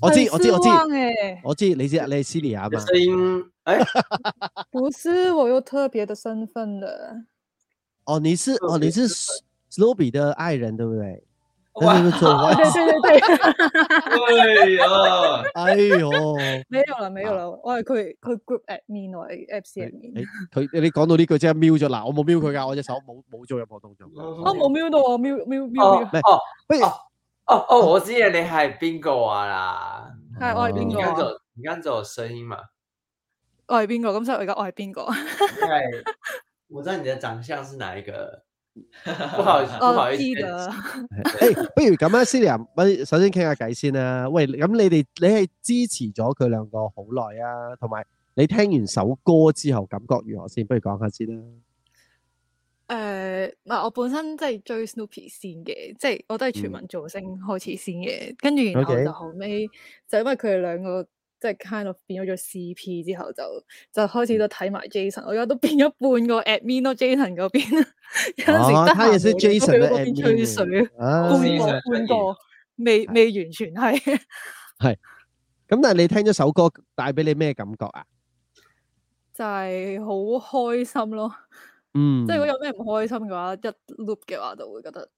我知，我知，我知，我知，你知，你私聊下嘛。不是，我有特別的身份的。哦，你是，哦，你是 Snoopy 的愛人，對不對？對對對對對對，哎呀，哎喲，沒有啦，沒有啦，我係佢佢 Group at 面位 Apps t me。你講到呢句真係瞄咗，嗱，我冇瞄佢噶，我隻手冇冇做任何動作。我冇瞄到，我瞄瞄瞄哦哦，我知啊，你係邊個啊啦？係我係邊個啊？而家做而家做聲音嘛？我係邊個？咁所以我而家我係邊個啊？我知道你的長相是哪一個？不好意思，不好意思。誒，不如咁啊，Celia，我首先傾下偈先啦。喂，咁你哋你係支持咗佢兩個好耐啊？同埋你聽完首歌之後感覺如何先？不如講下先啦。誒、呃，唔係我本身即係追 Snoopy 先嘅，即、就、係、是、我都係全民造星開始先嘅、嗯，跟住然後就後尾，Okay. 就因為佢哋兩個即係、就是、kind of 變咗做 CP 之後，就就開始都睇埋 Jason，、嗯、我而家都變咗半個 admin 咯、啊、，Jason 嗰邊，哦、 有陣時真係 hi Jason 嘅 admin，、啊、半個、啊、半個未未完全係係，咁 但係你聽咗首歌帶俾你咩感覺啊？就係、是、好開心咯～嗯，即係如果有咩唔開心嘅話，一 loop 嘅話就會覺得，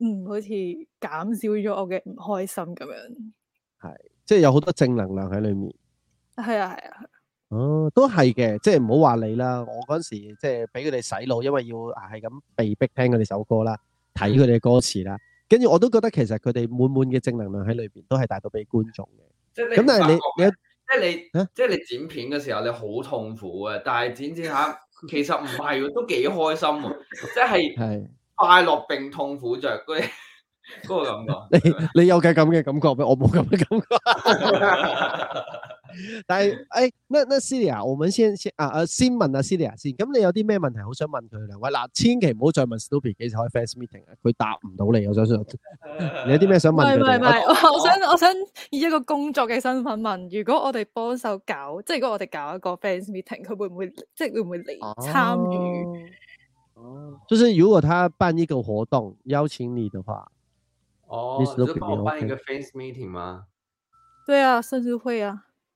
嗯，好似減少咗我嘅唔開心咁樣。係，即係有好多正能量喺裏面。係啊，係啊。哦，都係嘅，即係唔好話你啦。我嗰時即係俾佢哋洗腦，因為要係咁被逼聽佢哋首歌啦，睇佢哋嘅歌詞啦。跟、嗯、住我都覺得其實佢哋滿滿嘅正能量喺裏邊，都係帶到俾觀眾嘅。咁但係你，你，即係你，啊、即係你剪片嘅時候，你好痛苦啊！但係剪剪下。其實唔係，都幾開心喎，即係快樂並痛苦着嗰嗰、嗰個感覺。 你你有嘅咁嘅感覺咩？我冇咁嘅感覺。 但係，誒、哎，那那 Celia，我們先先啊啊，先問阿、啊、Celia 先。咁你有啲咩問題好想問佢兩位？嗱，千祈唔好再問 Snoopy 幾 時開 fans meeting 啊，佢答唔到你。 你想問 我想想，你有啲咩想問？唔係唔係，我想我想以一個工作嘅身份問，如果我哋幫手搞，即係如果我哋搞一個 fans meeting，佢會唔會即係會唔會嚟參與？哦，就算、是、如果他辦呢個活動邀請你的話，哦，就幫我辦一個 fans meeting 嗎？ 對啊，甚至會啊。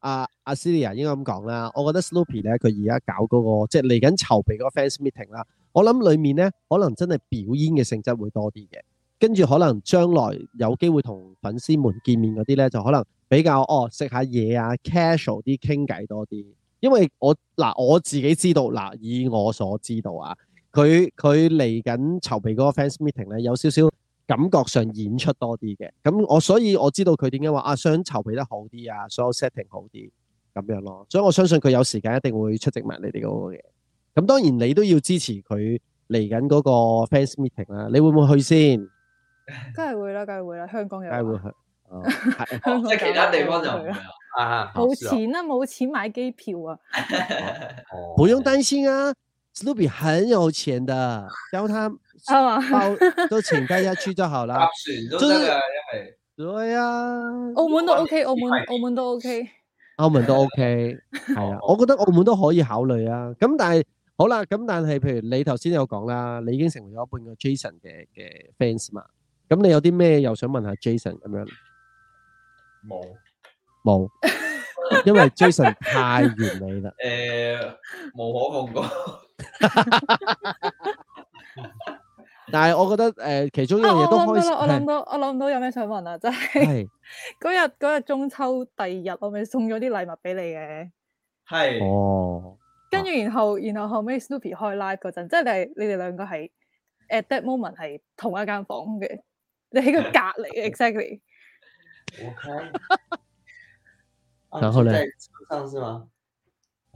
阿 Celia 應該咁講啦，我覺得 Snoopy 咧，佢而家搞嗰個即係嚟緊籌備嗰個 fans meeting 啦，我諗裏面咧，可能真係表演嘅性質會多啲嘅，跟住可能將來有機會同粉絲們見面嗰啲咧，就可能比較哦食下嘢啊 casual 啲傾偈多啲，因為我嗱我自己知道嗱以我所知道啊，佢佢嚟緊籌備嗰個 fans meeting 咧有少少。感覺上演出多啲嘅，咁我所以我知道佢點解話啊想籌備得好啲啊，所有 setting 好啲咁樣咯，所以我相信佢有時間一定會出席埋你哋嗰個嘅。咁、嗯、當然你都要支持佢嚟緊嗰個 fans meeting 啦，你會唔會去先？梗係會啦，梗係會啦，香港有梗係會去，哦 對 哦、即係其他地方就唔去啦。冇錢啦，啊，冇錢買機票啊！唔、啊哦哦、 用擔心啊！Snoopy 很有錢的，然後他包都請大家去就好了，就是，係，對呀，澳門都 OK，澳門澳門都 OK，澳門都 OK，係啦，我覺得澳門都可以考慮啊。咁但係好啦，咁但係譬如你頭先有講啦，你已經成為咗半個 Jason 嘅嘅 fans 嘛？咁你有啲咩又想問下 Jason 咁樣？冇，冇，因為 Jason 太完美啦，誒，無可奉告。 但係我覺得誒、呃，其中一樣嘢都開始。啊、我諗到，到，到，我諗到，到有咩想問啊？真係嗰日日中秋第二日，我咪送咗啲禮物俾你嘅。係。哦。跟、啊、住然後然后後尾 Snoopy 開 live 嗰陣，即、就、係、是、你你哋兩個喺 at that moment 係同一間房嘅，你喺個隔籬，exactly 我看、 啊。然後咧？啊、在車上是嗎？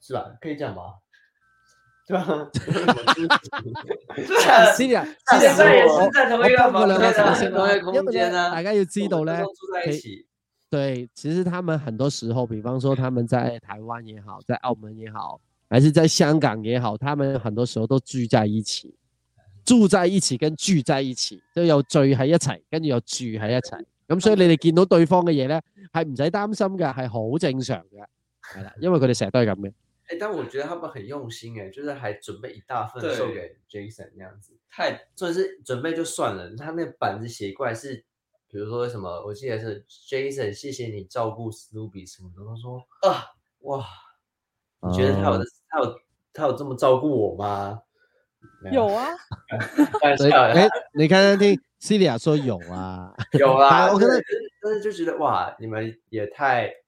是吧？可以講吧？吧？現在在， 在，在 大家要知道呢，同一個空間、啊、對，其實他們很多時候，比方說他們在台灣也好，在澳門也好，還是在香港也好，他們很多時候都住在一起，住在一起跟住在一起，都有聚在一起，跟住又住喺一齊。咁所以你哋見到對方嘅嘢呢，係唔使擔心嘅，係好正常嘅。係啦， 因為佢哋成日都係咁嘅。誒、欸，但我覺得他們很用心、欸，誒，就是還準備一大份送給 Jason，那樣子。太，算是準備就算了。他那板子寫怪是，比如說什麼，我記得是 Jason，謝謝你照顧史努比什麼說，的。他佢啊，哇，你覺得他有,、嗯、他有，他有，他有這麼照顧我嗎？有啊。 你剛剛聽 Celia 說有啊， 有啊，我可能真真就覺得，哇，你們也太～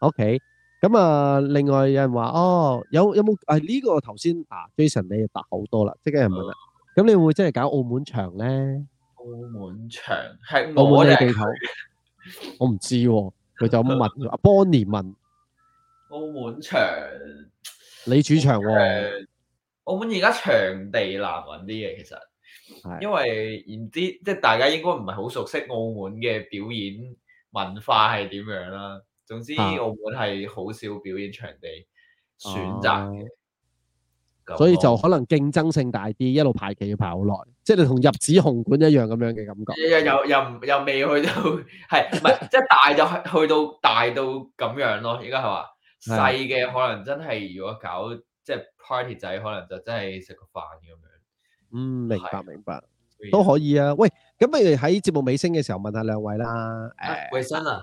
O K，咁啊，另外有人話哦，有有冇誒呢個頭先啊，Jason 你就答好多啦，即係有人問啦，咁、嗯、你會唔會真係搞澳門場咧？澳門場係澳門嘅地頭，我唔知道、啊，佢就咁問，阿 Bonnie 問澳門場，你主場喎、啊？澳門而家場地難搵啲嘅，其實係因為唔知，即係大家應該唔係好熟悉澳門嘅表演文化係點樣啦。總之澳門係好少表演場地選擇嘅、啊，所以就可能競爭性大啲，一路排期要排好耐，即係你同入紫紅館一樣咁樣嘅感覺。又又又又未去到，係唔係？即係、就是、大就去到 大到咁樣咯。而家係話，細嘅可能真係如果搞即係、就是、party 仔，可能就真係食個飯咁樣。嗯，明白明白，都可以啊。所以喂，咁你哋喺節目尾聲嘅時候問一下兩位啦。誒，衛生啊。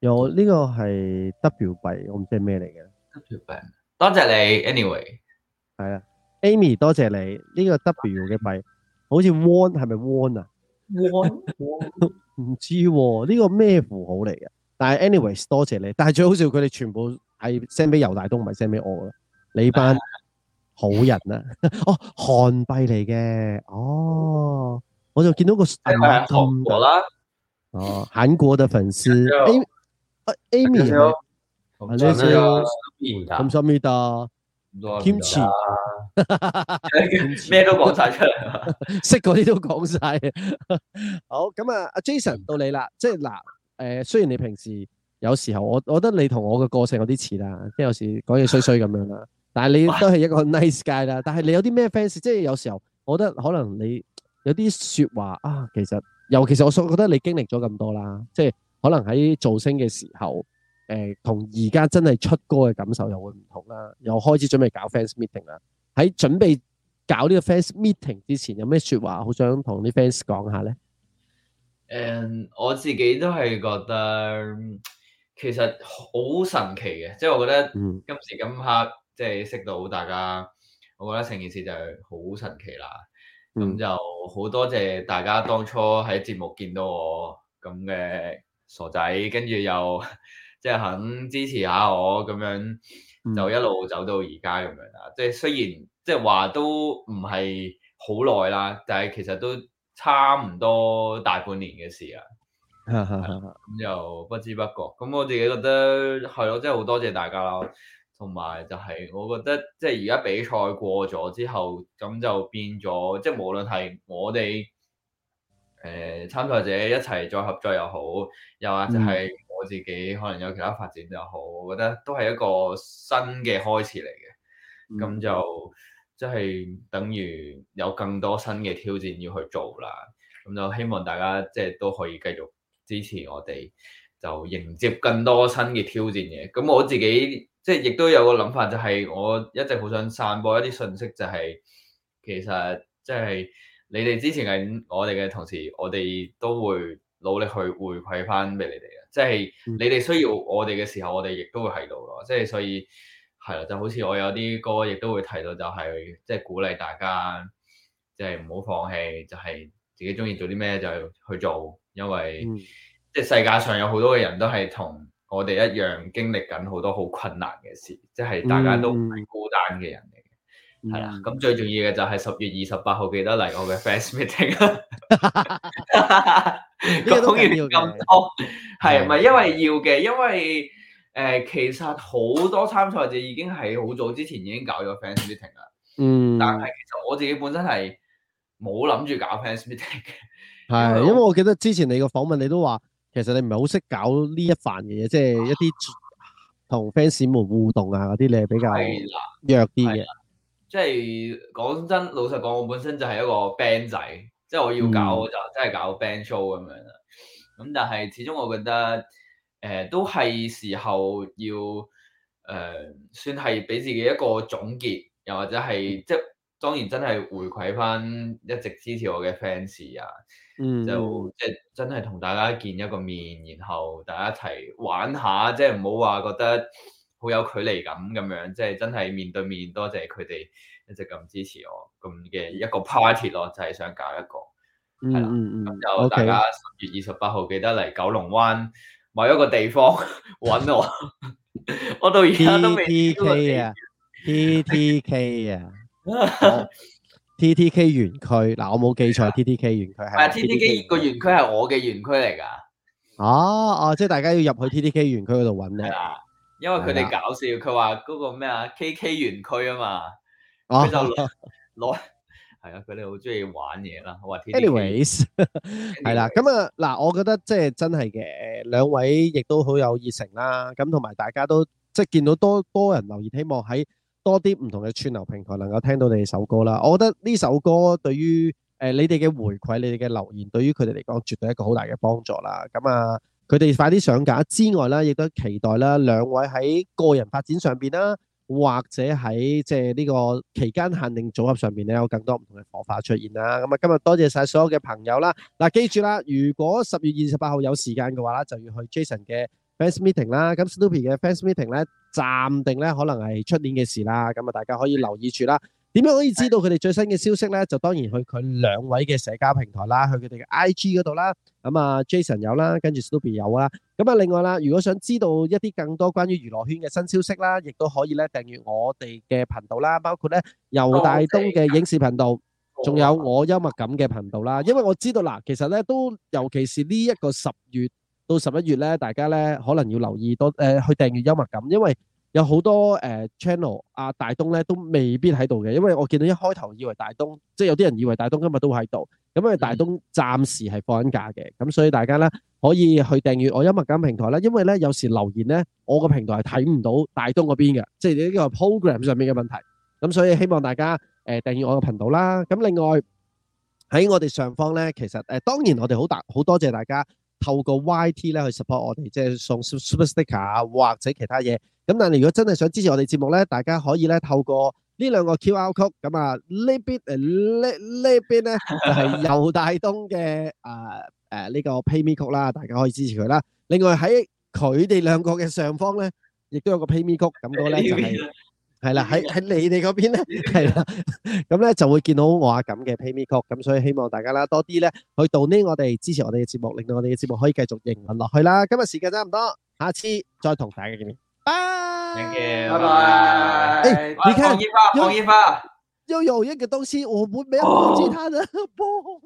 有呢個係 W 幣，我唔知係咩嚟嘅。W 幣，多謝你。Anyway，係啊，Amy 多謝你。呢、這個 W 嘅幣，好似 won 係咪 won 啊？won，唔 知呢、啊這個咩符號嚟嘅。但係 anyways 多謝你。但係最好笑佢哋全部係 send 俾尤大東，唔係 send 俾我啦。你班好人啊！ 哦，韓幣嚟嘅，哦，我就見到個韓國啦，哦，韓國嘅粉絲。 哎 Uh, Amy，咁就咁，咁心意得，堅、嗯、持，咩、嗯嗯嗯嗯嗯嗯嗯、都講晒出， 識嗰啲都講晒。 好，咁啊，阿 Jason 到你啦，即係嗱，誒，雖然你平時有時候我，我覺得你同我嘅個性有啲似啦，即係有時講嘢衰衰咁樣啦， 但係你都係一個 nice guy 啦。但係你有啲咩 fans？ 即係有時候，我覺得可能你有啲說話啊，其實尤其是我所覺得你經歷咗咁多啦，即係。可能喺造星嘅時候，誒、呃，同而家真係出歌嘅感受又會唔同啦。又開始準備搞 fans meeting 啦。喺準備搞呢個 fans meeting 之前，有咩說話好想同啲 fans 講下咧？誒、嗯，我自己都係覺得其實好神奇嘅，即係我覺得今時今刻即係識到大家，我覺得成件事就係好神奇啦。咁就好多謝大家當初喺節目見到我咁嘅。這傻仔，跟住又即係肯支持下我咁樣，就一路走到而家咁樣啦、嗯。即係雖然即係話都唔係好耐啦，但係其實都差唔多大半年嘅事啊。咁 又不知不覺，咁我自己覺得係咯，真係好多謝大家啦。同埋就係我覺得，即係而家比賽過咗之後，咁就變咗，即係無論係我哋。誒，參賽者一齊再合作又好，又或者係我自己、嗯、可能有其他發展又好，我覺得都係一個新嘅開始嚟嘅。咁、嗯、就即係等於有更多新嘅挑戰要去做啦。咁就希望大家即係都可以繼續支持我哋，就迎接更多新嘅挑戰嘅。咁我自己即係亦都有個諗法，就係我一直好想散播一啲信息，就是，就係其實即係。你哋之前喺我哋嘅同事，我哋都會努力去回饋翻俾你哋嘅，即係你哋需要我哋嘅時候，我哋亦都會喺度咯。即係所以係啦，就好似我有啲歌亦都會提到就係即係鼓勵大家，即係唔好放棄，就係自己中意做啲咩就去做，因為即係世界上有好多嘅人都係同我哋一樣經歷緊好多好困難嘅事，即係大家都唔係孤單嘅人。係啦，咁最重要嘅就係十月二十八號記得嚟我嘅 fans meeting。咁要咁多，係唔係因為要嘅？因為誒、呃，其實好多參賽者已經係好早之前已經搞咗 fans meeting 啦。嗯。但係其實我自己本身係冇諗住搞 fans meeting 嘅。係，因為我記得之前你個訪問，你都話其實你唔係好識搞呢一範嘅嘢，即、啊、係一啲同 fans 們互動啊嗰啲，你係比較弱啲嘅。即係講真，老實講，我本身就係一個 band 仔，即係我要搞、嗯、我就真係搞 band show 咁樣啦。咁但係始終我覺得誒、呃、都係時候要誒、呃、算係俾自己一個總結，又或者係即係當然真係回饋翻一直支持我嘅 fans 啊、嗯，就即係真係同大家見一個面，然後大家一齊玩下，即係唔好話覺得好有距離感咁樣，即係真係面對面。多謝佢哋一直咁支持我，咁嘅一個 party 咯，就係想搞一個。嗯嗯嗯，咁、嗯、大家十月二十八號記得嚟九龍灣某一個地方揾我。 我到而家都未 T -T。T T K 啊 ，T T K 啊 ，T T K 園區嗱，我冇記錯 ，T T K 園區係。但 T T K 個園區係我嘅園區嚟㗎。哦、oh，哦、啊，即係大家要入去 T T K 園區嗰度揾你。 因為佢哋搞笑，佢話嗰個咩啊，K K 園區啊嘛，佢就攞係啊，佢哋好中意玩嘢啦。Anyways，係啦，咁啊嗱，我覺得即係真係嘅，兩位亦都好有熱誠啦。咁同埋大家都即係見到多多人留言，希望喺多啲唔同嘅串流平台能夠聽到你哋首歌啦。我覺得呢首歌對於誒你哋嘅回饋、你哋嘅留言，對於佢哋嚟講，絕對係一個好大嘅幫助啦。咁啊～佢哋快啲上架之外咧，亦都期待啦兩位喺個人發展上邊啦，或者喺即係呢個期間限定組合上面咧，有更多唔同嘅火花出現啦。咁啊，今日多謝晒所有嘅朋友啦。嗱，記住啦，如果十月二十八號有時間嘅話咧，就要去 Jason 嘅 fans meeting 啦。咁 Snoopy 嘅 fans meeting 咧，暫定咧可能係出年嘅事啦。咁啊，大家可以留意住啦。點樣可以知道佢哋最新嘅消息咧？就當然去佢兩位嘅社交平台啦，去佢哋嘅 IG 嗰度啦。咁啊，Jason 有啦，跟住，Snoopy 有啦。咁啊，另外啦，如果想知道一啲更多關於娛樂圈嘅新消息啦，亦都可以咧訂閱我哋嘅頻道啦，包括咧游大東嘅影視頻道，仲有我幽默感嘅頻道啦。因為我知道啦，其實咧都尤其是呢一個十月到十一月咧，大家咧可能要留意多誒，去訂閱幽默感，因為。有好多誒、呃、channel 阿、啊、大東咧都未必喺度嘅，因為我見到一開頭以為大東，即、就、係、是、有啲人以為大東今日都會喺度，咁因為大東暫時係放緊假嘅，咁所以大家咧可以去訂閱我音樂金平台啦，因為咧有時留言咧我個平台係睇唔到大東嗰邊嘅，即係呢個 program 上面嘅問題，咁所以希望大家誒、呃、訂閱我嘅頻道啦。咁另外喺我哋上方咧，其實誒、呃、當然我哋好大好多謝大家。透過 YT 咧去 support 我哋，即係送 super sticker 啊，或者其他嘢。咁但係如果真係想支持我哋節目咧，大家可以咧透過呢兩個 QR code。咁啊呢邊誒呢呢邊咧就係由大東嘅誒誒呢個 pay me code 啦，大家可以支持佢啦。另外喺佢哋兩個嘅上方咧，亦都有個 pay me code，咁個咧就係、是。係啦，喺喺你哋嗰邊咧，係啦，咁咧就會見到我阿錦嘅 PayMeCode，咁所以希望大家啦多啲咧去到呢，我哋支持我哋嘅節目，令到我哋嘅節目可以繼續營運落去啦。今日時間差唔多，下次再同大家見面，拜，再見，拜拜。哎，你睇又有一個東西，我我沒有忘記他人不。